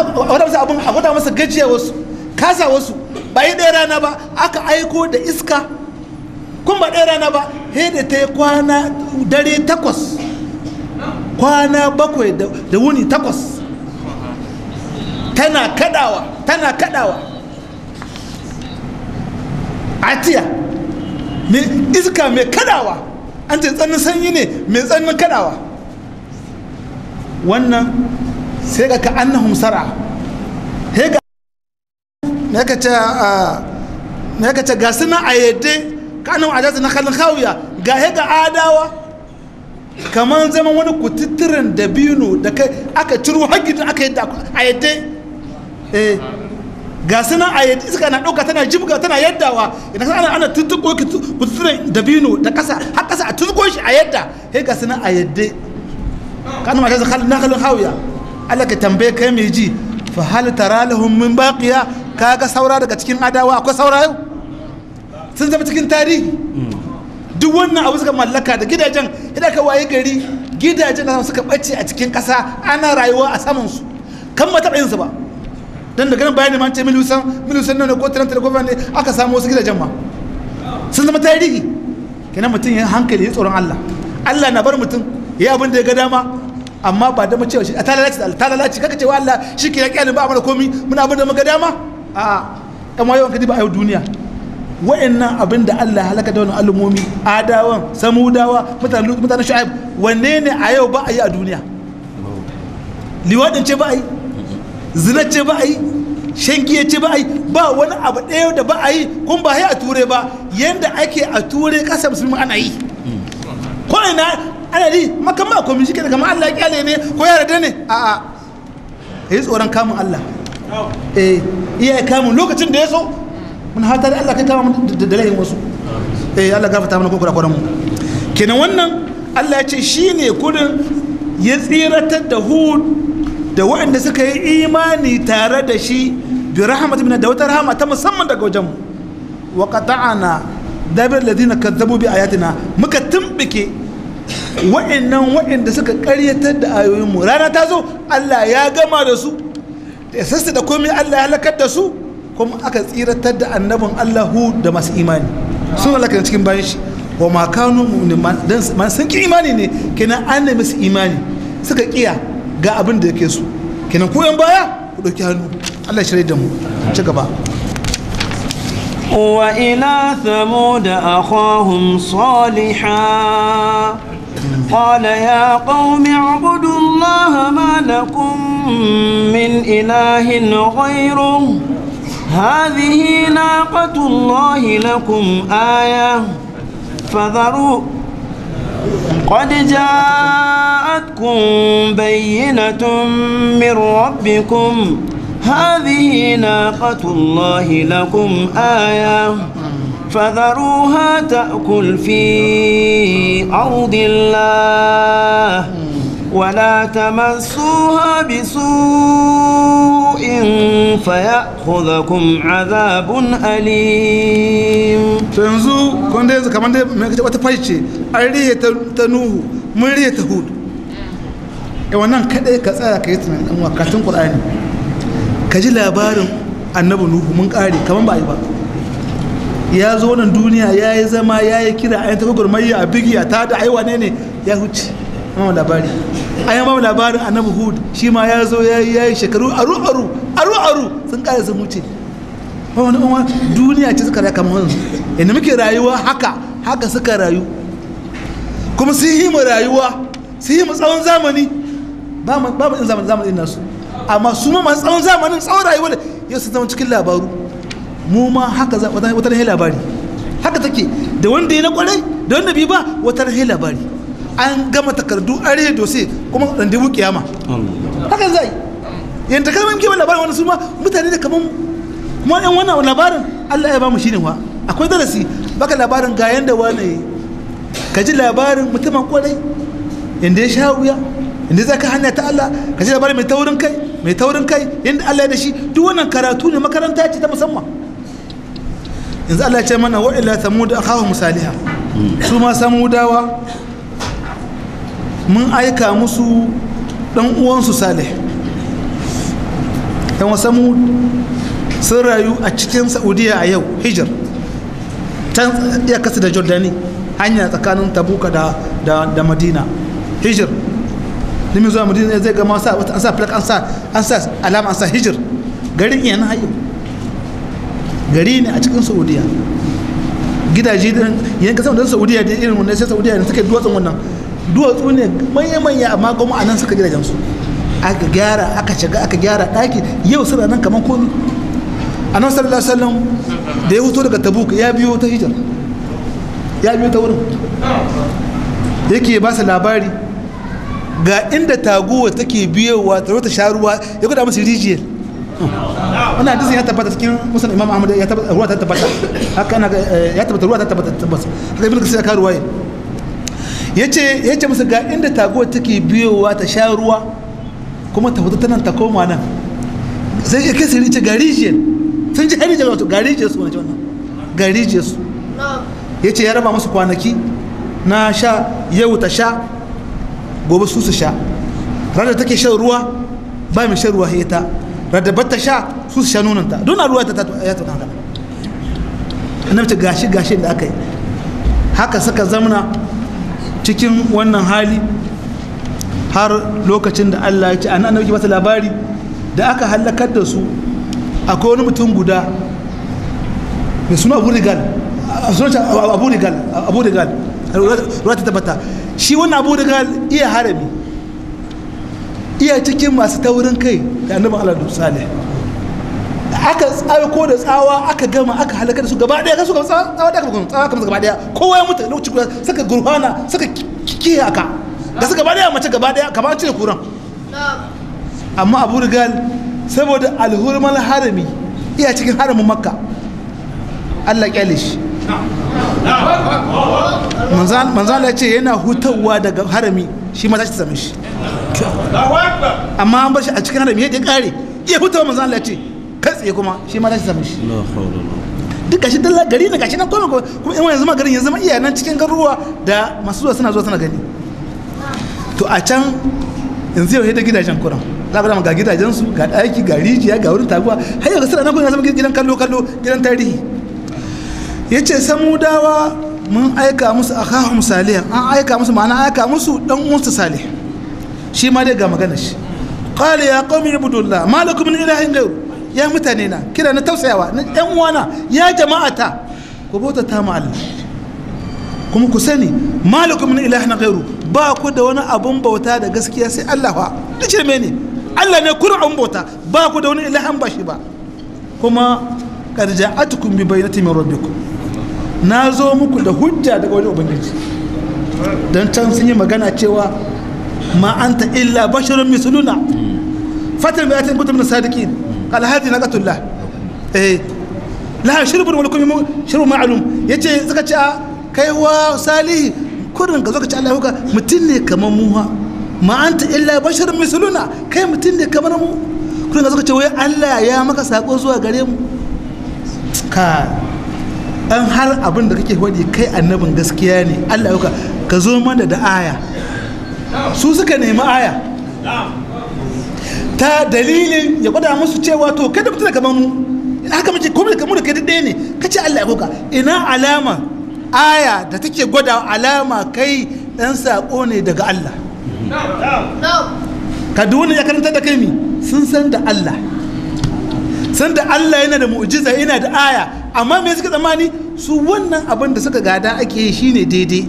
a gwada masa gajiya wasu kasa wasu ba yi ɗaya rana ba aka aiko da iska kun ɗaya rana ba he da ta yi kwana dare takwas kwana bakwai da wuni takwas tana kadawa tana kadawa atiya mai iska mai kadawa an ce tsanin sanyi ne mai tsanin kadawa wannan sai ga ka an na humsara ya na ka ah, ce ga na a kanan ajazi na kalin hawiya ga he ga adawa kamar zama wani kututturen dabino da kai aka ciro hagidin aka yi ayyade eh ga suna ayyade iska na ɗauka tana jibga tana yaddawa idan ana ana tuntuko kututturen dabino da ƙasa har ƙasa a tuntuko shi a yadda he ga suna nan ayyade kanan ajazi na kalin hauya Allah ka tambaye kai mai ji fa hal tara lahum min baqiya kaga saura daga cikin adawa akwai saura yau sun zama cikin tarihi duk wannan abu suka mallaka da gidajen idan ka waye gari gidajen da suka ɓace a cikin ƙasa ana rayuwa a saman su kan ba taɓa yin su ba don daga nan bayani ma ce milisan milisan nan ko tiran telekofan ne aka samu wasu gidajen ma sun zama tarihi kenan mutum ya hankali ya tsoron Allah Allah na bar mutum ya abin da ya ga dama amma ba da mace shi ta lalace ta lalace kaka cewa Allah shi ke ya kyalin ba mana komi muna abin da muka dama aa ɗan yawan ka kadi ba a yau duniya wa'annan abin da Allah halaka da wani al'ummomi adawan samudawa mutanen mutanen wanne ne a yau ba a yi a duniya liwadin ce ba a yi zina ce ba a yi shangiya ce ba a yi ba wani abu ɗaya da ba a yi kun ba a ture ba yanda ake a ture ƙasar musulmi ana yi ko ina ana yi makama ko mishi kada kamar Allah ya kyale ne ko ya yarda ne a'a yi tsoron kamun Allah eh iya kamun lokacin da ya so wani hata da Allah kai kama da layin wasu eh Allah gafata mana kokura kwaran mu kenan wannan Allah ya ce shine kudin ya tsiratar da Hud da waɗanda suka yi imani tare da shi bi rahmat min da wata rahama ta musamman daga wajen mu wa qata'ana dabir ladina kadzabu bi ayatina muka tumbike wa'annan wa'anda suka ƙaryatar da ayoyin mu rana ta zo Allah ya gama da su da sassa da komai Allah ya halakar da su kuma aka tsiratar da annabin allahu da masu imani suna lakana cikin bayan shi wa ma man sun ki imani ne kenan an nemi su imani suka kiya ga abin da yake su kenan ko yan baya ku ɗauki hannu Allah shirai da mu ci gaba وإلى ثمود أخاهم صالحا قال يا قوم اعبدوا الله ما لكم من إله غيره هذه ناقة الله لكم آية فذروا قد جاءتكم بينة من ربكم هذه ناقة الله لكم آية فذروها تأكل في أرض الله ولا تمسوها بسوء فيأخذكم عذاب أليم تنزو كوندز يزو كمان دي مكتب وتفايشي أريه تنوه مريه تهود wannan kaɗai ka tsaya ka yi tunanin ɗan wakatun ƙur'ani ka ji labarin annabi nuhu mun kare kaman ba yi ba ya zo nan duniya ya yi zama ya yi kira a yi tafi gurmayya a bigi a tada aiwa ne ne ya huce mamu labari a yi mamu labarin annabi hud shi ma ya zo ya yi shekaru aru aru aru aru sun kare sun wuce wani umar duniya ce suka raka mahon inda muke rayuwa haka haka suka rayu kuma sun yi mu rayuwa sun yi mu tsawon zamani ba mu in zamani zamani nasu amma su ma masu tsawon zamani tsawon rayuwa yau sun zama cikin labaru mu ma haka wata ne labari haka take da wanda ya na kwarai da wanda bi ba wata ne labari an gama takardu an rage dosi kuma randewu kiyama hakan zai yan takalman kewa labarin wani su ma mutane da kamar kuma yan wannan labarin allah ya ba mu shine wa akwai darasi baka labarin ga yanda wani ka ji labarin mutumin kwarai yanda ya sha wuya inda za ka hanya ta Allah ka ji labarin mai taurin kai mai taurin kai inda Allah ya da shi duk wannan karatu ne makaranta ce ta musamman yanzu Allah ya ce mana wa'ila samu da akawo musaliha hmm. su ma dawa. mun aika musu dan uwansu salih yan mu sun rayu a cikin saudiya a yau hijir can ya kasu da jordani hanya tsakanin tabuka da, da, madina hijir limin zuwa madina zai gama sa an sa plak an sa an sa alama an sa hijir garin iya na hayo gari ne a cikin saudiya gidaje din yan kasan da saudiya da irin wannan sai saudiya ne suke duwatsun wannan duwatsu ne manya-manya amma kuma a nan suka gidajen su aka gyara aka shiga aka gyara ɗaki yau suna nan kamar komi a nan sallallahu sallam da ya huto daga tabuk ya biyo ta hijar ya biyo ta wurin yake ba su labari ga inda taguwa take biyowa tsaro ta sharuwa ya guda musu rijiyar wannan hadisin ya tabbata cikin musulun imam ahmad ya tabbata ruwa ta tabbata haka eh, ya tabbata ruwa ta tabbata tabbata haka ibn kasir ya karuwa yin yace ce musu ga inda tago take biyowa ta sha ruwa kuma ta fita nan ta koma nan sai ya kasa rice ga rijiyar sun ji hari jama'a ga rijiyar su wani wannan ga rijiyar su ce ya raba musu kwanaki na sha yau ta sha gobe su su sha rada take shan ruwa ba mai shan ruwa ya ta radabar ta sha su su sha nunanta don ruwa ta ya tuna haka mace gashi gashi da aka yi haka suka zamna cikin wannan hali har lokacin da Allah ya ce an annabi masa labari da aka halakar da su akwai wani mutum guda mai suna abu a abu rigal abu ruwa tabbata shi wannan abu iya harami iya cikin masu taurin kai da annabin Allah da salih aka aiko da tsawa aka gama aka halakar da su gaba daya kasu tsawa da aka tsawa kamar gaba daya kowa ya mutu lokaci guda saka gurfana saka kike haka da su gaba daya mace gaba daya kamar cire kuran amma abu rigal saboda alhurmal harami iya cikin haramin makka allah kyalish manzan ya ce yana hutawa daga harami shi ma za shi same shi amma an bar shi a cikin harami ya kare iya hutawa manzan ya ce kai kuma shi ma za shi duk gashi dalla gari ne gashi nan ko kuma in wani zama garin ya zama iya nan cikin garuruwa da masu zuwa suna zuwa suna gani to a can yanzu yau da gidajen kuran za ku ga gidajen su ga ɗaki ga rijiya ga wurin taguwa har yau ga suna nan kuma zama gidan kallo kallo gidan tarihi ya ce samudawa mun aika musu a kahun salihan an aika musu ma'ana aika musu dan uwansu salih shi ma dai ga magana shi qala ya qaumi ibudullah malakum min ilahin gairu ya mutane na kira na tausayawa na yan uwana ya jama'a ta ku bauta ta ma Allah kuma ku sani malakum min ilahin ghairu ba ku da wani abun bauta da gaskiya sai Allah fa dace ne Allah ne kurin abun bauta ba ku da wani ilahin ba shi ba kuma qad ja'atukum bi bayyinatin min rabbikum na zo muku da hujja daga wani ubangiji don can sun yi magana cewa ma anta illa basharun misluna fatar bayatin kuntum min sadiqin qala hadi naqatullah eh la shirbun wal kum shirbu ma'lum yace suka ce a kai wa salihi kurin ka zo ka ci Allah ka mutun ne kamar mu ha ma anta illa basharun misluna kai mutun ne kamar mu kurin ka zo ka ce wai Allah ya maka sako zuwa gare mu ka an har abin da kake faɗi kai annabin gaskiya ne Allah ya ka zo mana da aya su suka nemi aya ta dalilin ya gwada musu cewa to kai da mutum kamar mu haka mace kuma kamar da kai da daya ne ka ce Allah ya koka ina alama aya da take gwada alama kai ɗan saƙo ne daga Allah ka duwani ya karanta da kai mi sun san da Allah san da Allah yana da mu'jiza yana da aya amma me suka tsammani su wannan abin da suka gada ake yi shine daidai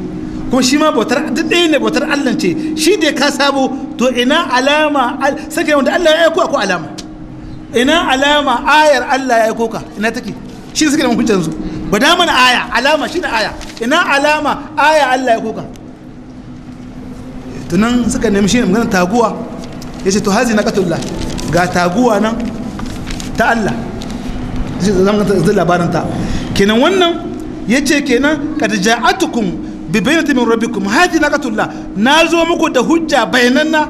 kuma shi ma bautar duk ɗaya ne bautar Allah ce shi da ka sabo to ina alama sake wanda Allah ya aiko ko alama ina alama ayar Allah ya aiko ka ina take shi suke da hukuncin su ba da mana aya alama shi da aya ina alama aya Allah ya aiko ka tunan suka nemi shi ne magana taguwa ya ce to hazi na katullah ga taguwa nan ta Allah zai zama labarin ta kenan wannan ya ce kenan kada ja'atukum bi bayyana min rabbikum hadi naqatullah na zo muku da hujja bayananna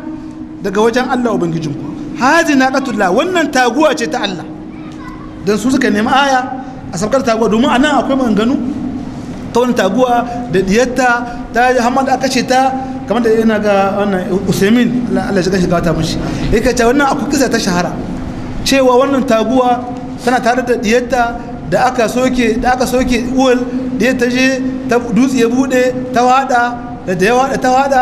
daga wajen Allah ubangijinku hadi naqatullah wannan taguwa ce ta Allah dan su suka nemi aya a sabkar taguwa domin anan akwai maganganu ta wani taguwa da diyatta ta yi hamad aka ce ta kamar da yana ga wannan usaimin Allah shi shiga ta mushi yake ce wannan akwai kisa ta shahara cewa wannan taguwa tana tare da diyarta da aka soke da aka soke uwal da ta je ta dutse ya bude ta wada da ya wada ta wada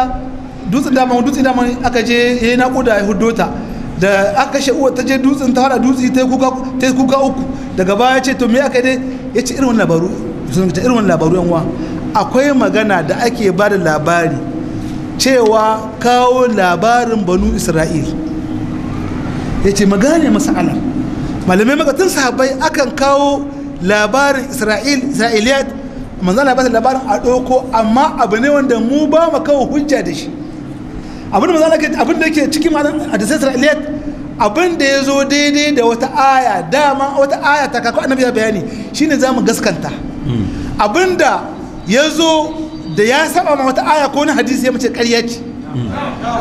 dutsen da man dutse da man aka je yayi nakuda ya huddota da aka she uwar ta je dutsen ta wada dutsi ta kuka ta kuka uku daga baya ce to me aka dai ce irin wannan labaru sun ta irin wannan labaru yan uwa akwai magana da ake ba da labari cewa kawo labarin banu isra'il ya ce ne masa'ala malamai magatun sahabbai akan kawo labarin isra'il isra'iliyat manzo Allah labarin a doko amma abu ne wanda mu ba mu kawo hujja da shi abin da abin da yake cikin ma'anar hadisai isra'iliyat abin da ya zo daidai da wata aya dama wata aya ta kakwa annabi ya bayani shine za mu gaskanta hmm. abin da ya zo da ya saba ma wata aya ko wani hadisi ya mace karyaci. ce hmm.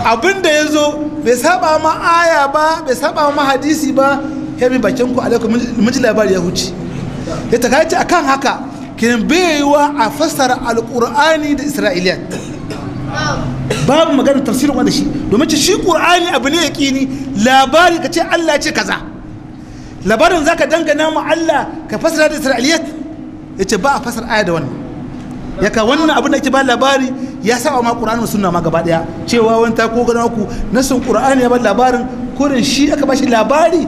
abin da ya zo bai saba ma aya ba bai saba ma hadisi ba ya bi bakin ku alaikum mun ji labari ya huce ya ta a akan haka kiran baiwa a fassara alƙur'ani da isra'iliyat babu magana tafsirin wanda shi domin ce shi ƙur'ani abu ne ya ƙini labari ka ce allah ce kaza labarin za ka dangana mu allah ka fassara da isra'iliya ya ce ba a fassara aya da wannan ya ka wannan abin da ke ba labari ya sa ma ƙur'ani da sunna ma gaba ɗaya cewa wani ta ko gana ku nasin ƙur'ani ya ba labarin kurin shi aka ba shi labari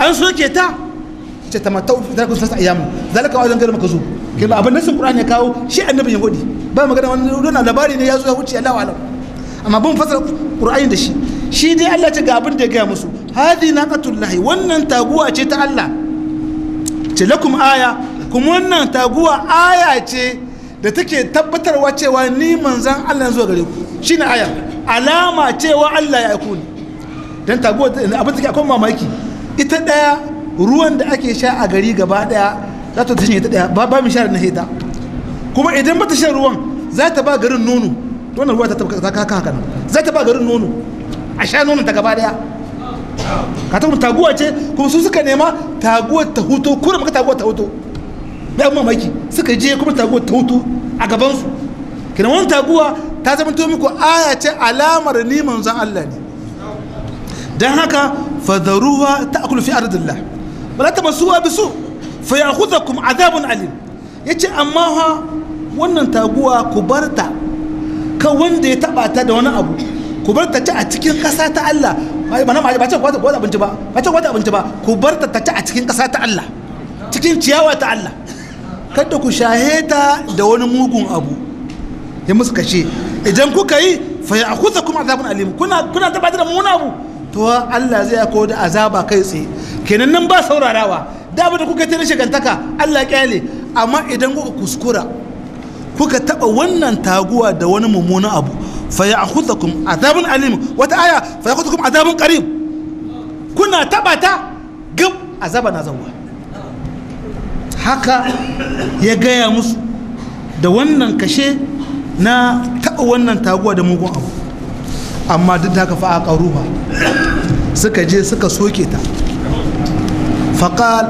an soke ta ce ta mata da kun sasa ayyamu zalika wajen gari garma kazu kila abin nasin qur'ani ya kawo shi annabin yahudi ba magana wani dona labari ne ya zo ya wuce Allahu alam amma bin fasara qur'ani da shi shi dai Allah ce ga abin da ya ga musu hadi naqatul lahi wannan taguwa ce ta Allah ce lakum aya kuma wannan taguwa aya ce da take tabbatarwa cewa ni manzan Allah zuwa gare ku shine aya alama cewa Allah ya aiko ni dan taguwa abin da ke akwai mamaki ita daya ruwan da ake sha a gari gaba daya za ta shanye ta daya ba mu sha na heta kuma idan bata shan ruwan za ta ba garin nono wannan ruwa ta kaka haka nan za ta ba garin nono a sha nonon ta gaba daya ka ta taguwa ce kuma su suka nema taguwa ta hutu, kuma maka taguwa ta huto bai mamaki suka je kuma taguwa ta hutu a gabansu kina wani taguwa ta zama to muku aya ce alamar ni manzon Allah ne dan haka fadaruwa ta akulu fi ardillah wala tamassuha bisu fa ya'khudhukum adhabun alim ya ce amma ha wannan taguwa ku barta ka wanda ya taɓa ta da wani abu ku barta ta a cikin ƙasa ta Allah ba ce kwata kwata abinci ba ba ce kwata abinci ba ku barta ta a cikin ƙasa ta Allah cikin ciyawa ta Allah kada ku shahe ta da wani mugun abu ya musu kashe idan kuka yi fa ya akuza kuma azabun alim kuna kuna ta da mun abu to Allah zai ko da azaba kai tsaye kenan nan ba saurarawa dama da kuka tare shagantaka allah kyale amma idan kuka kuskura kuka taba wannan taguwa da wani mummunan abu fa ya akhudhukum azabun alim wata aya fa ya'khudhukum azabun qarib kuna taba ta gab azaba na zawa haka ya gaya musu da wannan kashe na taba wannan taguwa da mugun abu amma duk da haka fa a suka je suka soke ta فقال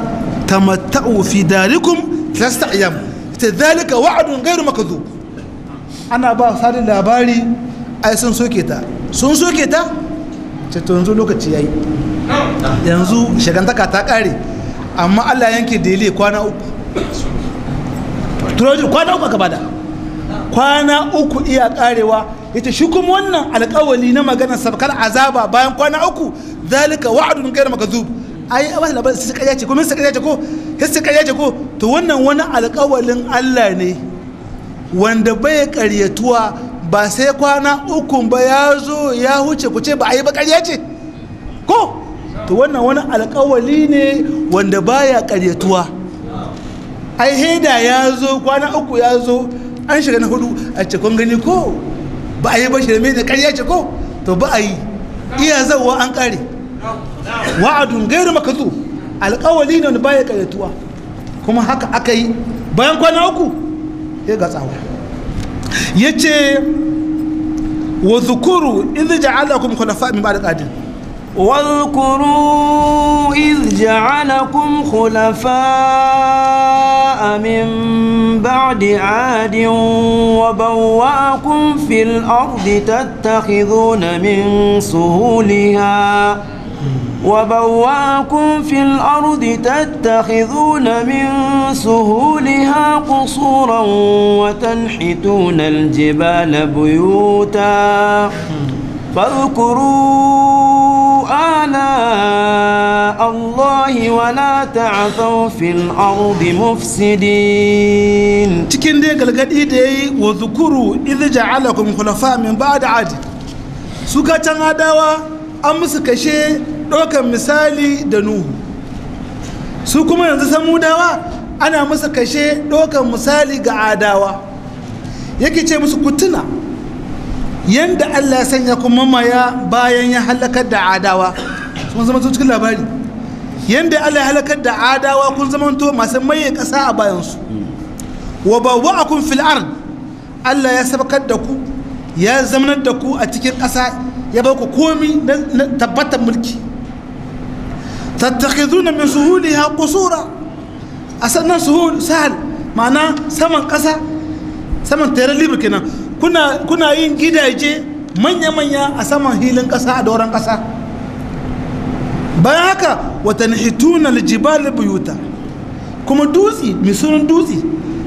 تمتعوا في داركم ثلاثة أيام ذلك وعد غير مكذوب أنا با صار لاباري أي سن سوكيتا سن سوكيتا تتنزو لوكتي أي ينزو shagantaka ta kare أما الله ينكي ديلي kwana أوك turoji kwana أوك أكبادا bada أوك إيا iya karewa yace shi kuma wannan alƙawali na maganar sabkar azaba bayan kwana uku zalika wa'adun ghayr makzub ai a wasu labarin su karya ce ko min su karya ce ko su karya ce ko to wannan wani alƙawalin Allah ne wanda bai karyatuwa ba sai kwana uku ba ya zo ya huce ku ce ba ayi ba karya ce ko to wannan wani alƙawali ne wanda baya karyatuwa ai heda ya zo kwana uku ya zo an shiga na hudu a ce kun gani ko ba a yi ba shi da mai da karya ce ko to ba a yi iya zawa an kare wa'adun gairu makazu alƙawali ne baya ƙayyatuwa kuma haka aka yi bayan kwana uku ya ga tsawa ya ce wa zukuru idh ja'alakum khulafa min ba'd qadin واذكروا إذ جعلكم خلفاء من بعد عاد وبوأكم في الأرض تتخذون من سهولها وبواكم في الأرض تتخذون من سهولها قصورا وتنحتون الجبال بيوتا فاذكروا آلاء الله ولا تعثوا في الأرض مفسدين تكين دي قلقاتي دي وذكروا إذ جعلكم خلفاء من بعد عاد سوكا تنادوا أمس كشي ɗaukar misali da nuhu su kuma yanzu samudawa ana musu kashe ɗaukar misali ga adawa yake ce musu kutuna yadda allah sanya kuma maya bayan ya halakar da adawa sun zama cikin labari yadda allah ya halakar da adawa kun zama to masu maye ƙasa a bayansu wa ba wa akun fil'ar allah ya sabakar da ku ya zamanar da ku a cikin ƙasa ya ba ku komi na tabbatar mulki tattakizuna min suhuliha qusura a sannan suhul sahal ma'ana saman ƙasa saman tere libre kenan kuna kuna yin gidaje manya-manya a saman hilin ƙasa a doron ƙasa bayan haka watanhituna hituna aljibal buyuta kuma dutsi mai sunan dutsi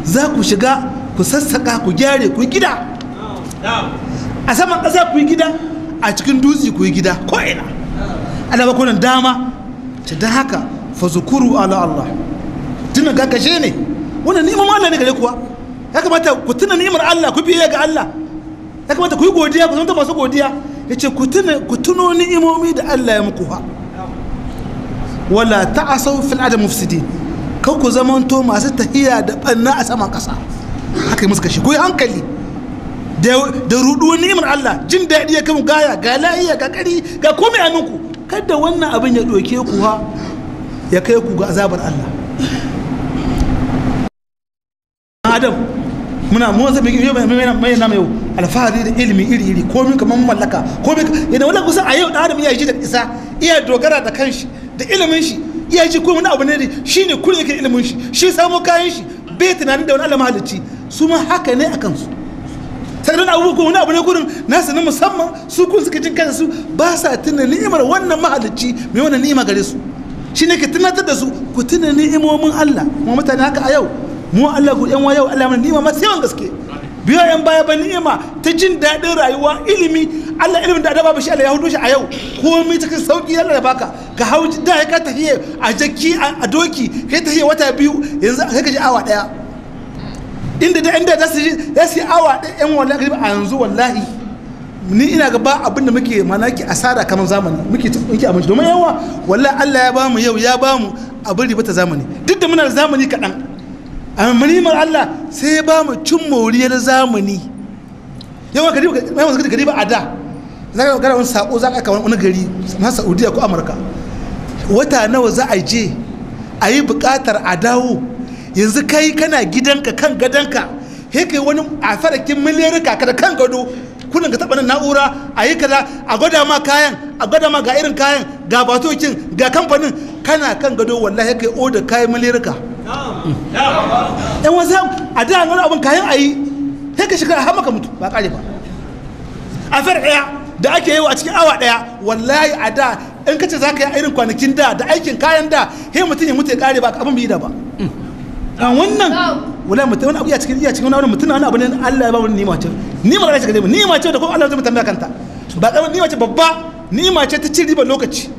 za ku shiga ku sassaka ku gyare ku gida a saman ƙasa ku gida a cikin dutsi ku gida ko ina ana kunan dama ce da haka fazukuru zukuru ala Allah tuna gagashe ne wannan ni'imar Allah ne gare kuwa ya kamata ku tuna ni'imar Allah ku biye ga Allah ya kamata ku yi godiya ku zama masu godiya ya ce ku tuno ni'imomi da Allah ya muku ha wala ta'asau fil adam mufsidin kau ku zamanto masu tahiya da banna a saman kasa haka yi muska shi ku yi hankali da ruɗuwar ni'imar Allah jin daɗi ya kama gaya ga lahiya ga kari ga komai a ninku kada wannan abin ya ɗauke ku ha ya kai ku ga azabar Allah adam muna motsa bikin yau mai na mai alfahari da ilimi iri iri komi kaman mallaka komi idan wani kusa a yau adam ya ji da isa iya dogara da kanshi da ilimin shi iya ji ko wani abu ne shi ne kurin yake ilimin shi shi samu kayan shi bai tunanin da wani Allah mahalicci su ma haka ne a kansu sakarun abubuwa wani abu ne gudun nasu na musamman su kun suka cin kansu su ba sa tuna ni'imar wannan mahalicci mai wannan ni'ima gare su shi ne ka tunatar da su ku tuna ni'imomin Allah kuma mutane haka a yau mu Allah ku ɗan yau Allah mana ni'ima masu yawan gaske biyo yan baya ba ni'ima ta jin daɗin rayuwa ilimi Allah ilimin da adaba ba shi Allah ya hudu shi a yau komai ta kan sauki Allah ya baka ka hau da ya ka tafiye a jaki a doki kai tafiye wata biyu yanzu kai ka ji awa ɗaya inda da inda zasu ji zasu awa da yan wallahi a yanzu wallahi ni ina ga ba abin da muke manaki asara kamar zamani muke muke amince domin yawa wallahi Allah ya bamu yau ya bamu abin riba ta zamani duk da muna da zamani kaɗan amma nimar Allah sai ya bamu cin moriyar zamani yawa ka riba ka riba a da za ka gara wani sako za ka wani gari na Saudiya ko Amurka wata nawa za a je a yi buƙatar a dawo yanzu kai kana gidanka kan gadanka he kai wani a farakin miliyarika kada kan gado kuna ka taɓa na'ura a yi kaza a gwada ma kayan a gwada ma ga irin kayan ga batokin ga kamfanin kana kan gado wallahi kai oda kayan miliyarika yan wasu a da wani abin kayan a yi heka ka shekara har maka mutu ba ƙari ba a far ɗaya da ake yi a cikin awa ɗaya wallahi a da in ka ce za ka yi irin kwanakin da da aikin kayan da he mutum ya mutu ya kare ba abin bai da ba a wannan wala mutum wani abu ya cikin iya cikin wani mutum wani abu ne Allah ya ba wani nima ce nima da shiga nima ce da kuma Allah zai mutum kanta ba karamin nima ce babba nima ce ta ci ribar lokaci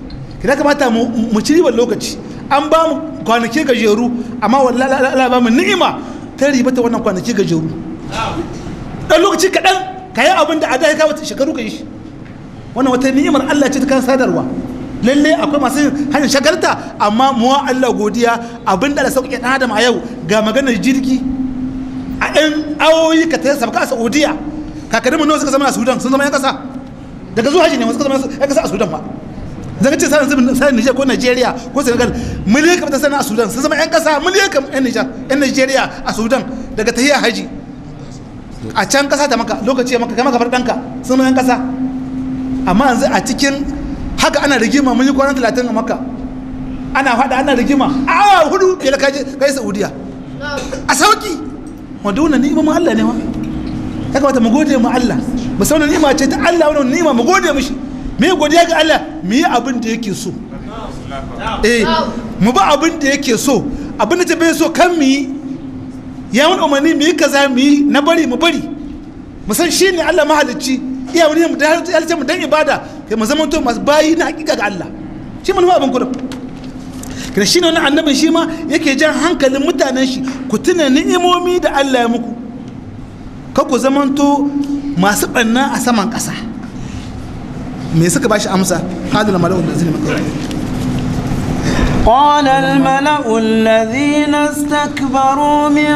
kina kamata mu ci ribar lokaci an ba mu kwanaki gajeru amma wallahi Allah ba mu ni'ima ta riba ta wannan kwanaki gajeru dan lokaci kaɗan ka yi abin da a da ya kawo shekaru ka yi shi wannan wata ni'imar Allah ce ta kan sadarwa lalle akwai masu hanyar shagalta amma muwa Allah godiya abin da sauƙi ɗan adam a yau ga maganar jirgi a ɗan awoyi ka tayar sabka a saudiya kakanninmu nawa suka zama a sudan sun zama yan ƙasa daga zuwa hajji ne suka zama yan ƙasa a sudan ma zan ce sanin zubin sanin Niger ko Nigeria ko Senegal miliyan kamar ta sanin a Sudan sun zama 'yan ƙasa miliyan kamar 'yan Niger 'yan Nigeria a Sudan daga tahiyar haji a can ƙasa ta maka lokaci maka kama kamar ɗanka sun zama 'yan kasa amma yanzu a cikin haka ana rigima mun yi kwanan talatin a maka ana faɗa ana rigima a awa hudu ke ka je kai saudiya a sauki maduna ni'ima mu Allah ne ma ya kamata mu gode mu Allah mu sauna ni'ima ce ta Allah wannan ni'ima mu gode mishi mu yi godiya ga Allah mu yi abin da yake so eh mu ba abin da yake so abin da ta bai so kan mu yi ya wani umarni mu yi kaza mu yi na bari mu bari mu san shi ne Allah mahalicci iya wani mu da halitta mu dan ibada kai mu zamanto masu bayi na hakika ga Allah shi manufa abin kudu kina shi ne wani annabin shi ma yake jan hankalin mutanen shi ku tuna ni'imomi da Allah ya muku ka ku zamanto masu ɓanna a saman ƙasa me suka ba shi amsa da قال الملأ الذين استكبروا من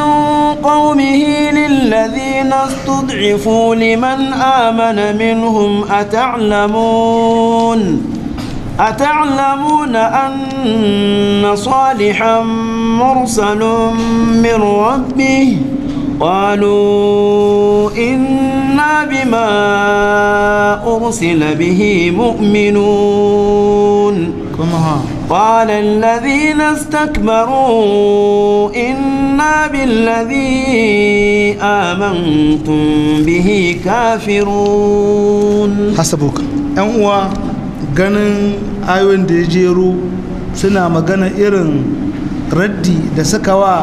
قومه للذين استضعفوا لمن آمن منهم أتعلمون أتعلمون أن صالحا مرسل من ربه قالوا إنا بما أرسل به مؤمنون قال الذين استكبروا إنا بالذي آمنتم به كافرون حسبوك أنوا ganin ayoyin da ya jeru suna magana irin raddi da suka wa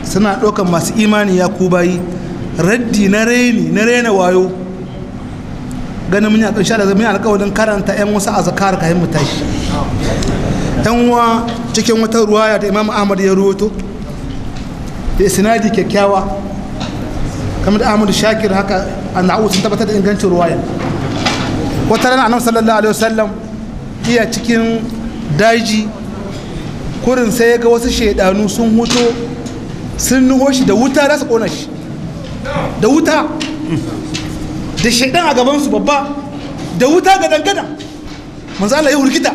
suna ɗaukar masu imani ya ku bayi raddi na reni na rena wayo ganin mun yi alƙawarin kayan mu Tanwa cikin wata ruwaya da imam ahmad ya rubuto da sinadi kyakkyawa kamar da ahmad shakir haka a na'u sun tabbatar da ingancin ruwaya wata rana annabi sallallahu alaihi wasallam iya cikin daji kurin sai ya ga wasu shaidanu sun huto sun nuho shi da wuta za su kona shi da wuta da shaidan a gabansu babba da wuta ga dangana manzo Allah ya hurgita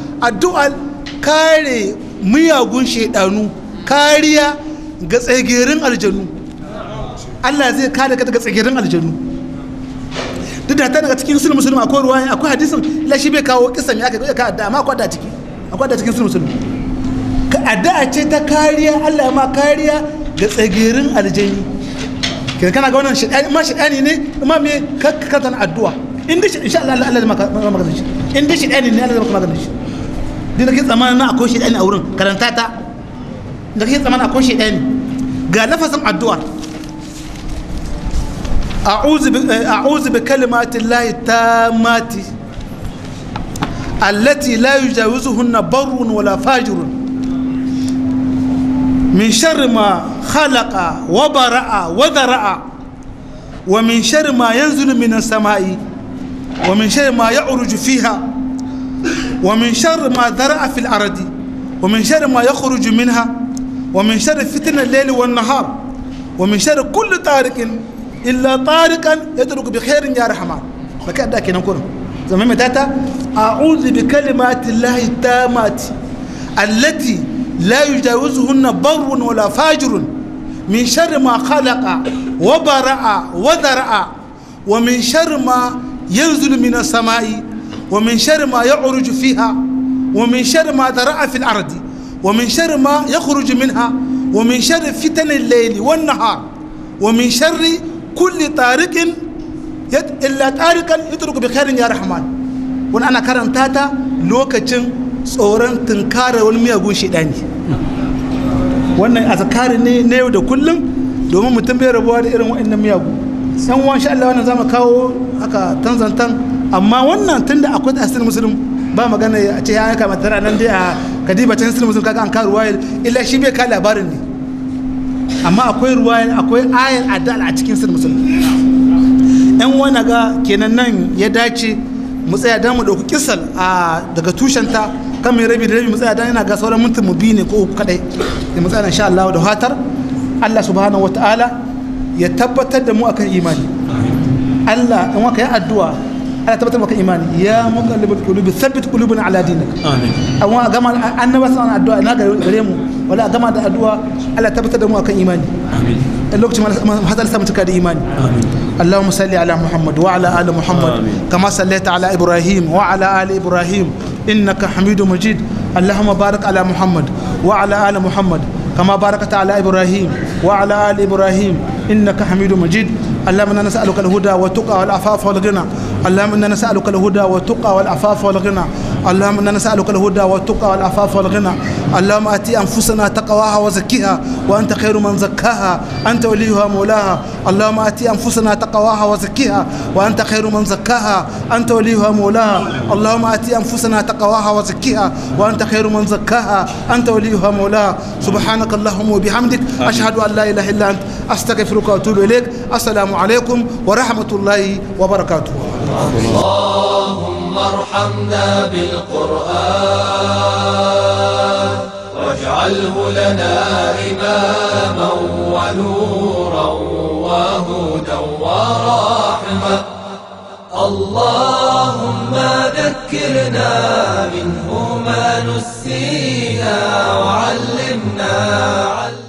addu'a kare miyagun shaidanu kariya ga tsagerin aljanu Allah zai kare ka daga tsagerin aljanu duk da ta daga cikin sunan musulmi akwai ruwa akwai hadisin la shi bai kawo kisan ya kai ka adda amma akwai da ciki akwai da cikin sunan musulmi ka addu'a ce ta kariya Allah ma kariya ga tsagerin aljanu ke kana ga wannan shaidani ma shaidani ne ma me ka kakkatan addu'a in dai shi insha Allah Allah zai maka magana shi in da shidani ne Allah zai maka magana shi din da kake tsammanin na akwai shaidani a wurin karanta ta da kake tsammanin akwai shaidani ga lafazin addu'a a'udhu bi eh, a'udhu bi kalimati llahi tamati allati la na nabarun wala fajirun min shari ma khalaqa wa bara'a wa dara'a wa min shari ma yanzu min as-sama'i wa min shari ma ya ya'ruju fiha ومن شر ما ذرع في الأرض ومن شر ما يخرج منها ومن شر فتن الليل والنهار ومن شر كل طارق إلا طارقا يترك بخير يا رحمن فكأدا ذاك نقول زمان داتا أعوذ بكلمات الله التامات التي لا يجاوزهن بر ولا فاجر من شر ما خلق وبرأ وذرأ ومن شر ما ينزل من السماء ومن شر ما يعرج فيها ومن شر ما ذرأ في الأرض ومن شر ما يخرج منها ومن شر فتن الليل والنهار ومن شر كل طارق يد إلا طارقا يترك بخير يا رحمن وأنا أنا كرم تاتا لوكتشن tsoron tunkara wani miyagun ne wannan azkari ne na yau da kullum domin mutum bai rabuwa da irin waɗannan miyagu san wan Allah wannan zamu kawo haka tanzantan amma wannan tun da akwai tasirin musulun ba magana a ce ya aika tara nan dai a kadiba can sirrin musulun kaga an kawo ruwayar illa shi bai ka labarin ne amma akwai ruwayar akwai ayar adal a cikin sirrin musulun yan wani ga kenan nan ya dace mu tsaya dan mu ɗauki kisan a daga tushenta kan mai rabi da rabi mu tsaya dan yana ga sauran mintin mu biyu ne ko uku kadai da mu tsaya insha Allah da hatar Allah subhanahu wataala ya tabbatar da mu akan imani Allah in waka yi addu'a ana tabbatar maka imani ya muqallibal qulubi thabbit qulubana ala dinik amin amma gama annaba sana addu'a na gare mu wala gama da addu'a Allah tabbatar da mu akan imani amin lokacin hasal sa mutuka da imani amin اللهم صل على محمد وعلى آل محمد آمين. كما صليت على إبراهيم وعلى آل إبراهيم إنك حميد مجيد اللهم بارك على ala وعلى آل محمد كما باركت على إبراهيم ala آل إبراهيم إنك Hamidu Majid. اللهم انا نسالك الهدى والتقى والعفاف والغنى اللهم انا نسالك الهدى والتقى والعفاف والغنى اللهم إنا نسألك الهدى والتقى والعفاف والغنى اللهم أتي أنفسنا تقواها وزكيها وأنت خير من زكاها أنت وليها مولاها اللهم أتي أنفسنا تقواها وزكيها وأنت خير من زكاها أنت وليها مولاها اللهم أتي أنفسنا تقواها وزكيها وأنت خير من زكاها أنت وليها مولاها سبحانك اللهم وبحمدك أشهد أن لا إله إلا أنت أستغفرك وأتوب إليك السلام عليكم ورحمة الله وبركاته اللهم اللهم ارحمنا بالقرآن واجعله لنا إماما ونورا وهدى ورحمة اللهم ذكرنا منه ما نسينا وعلمنا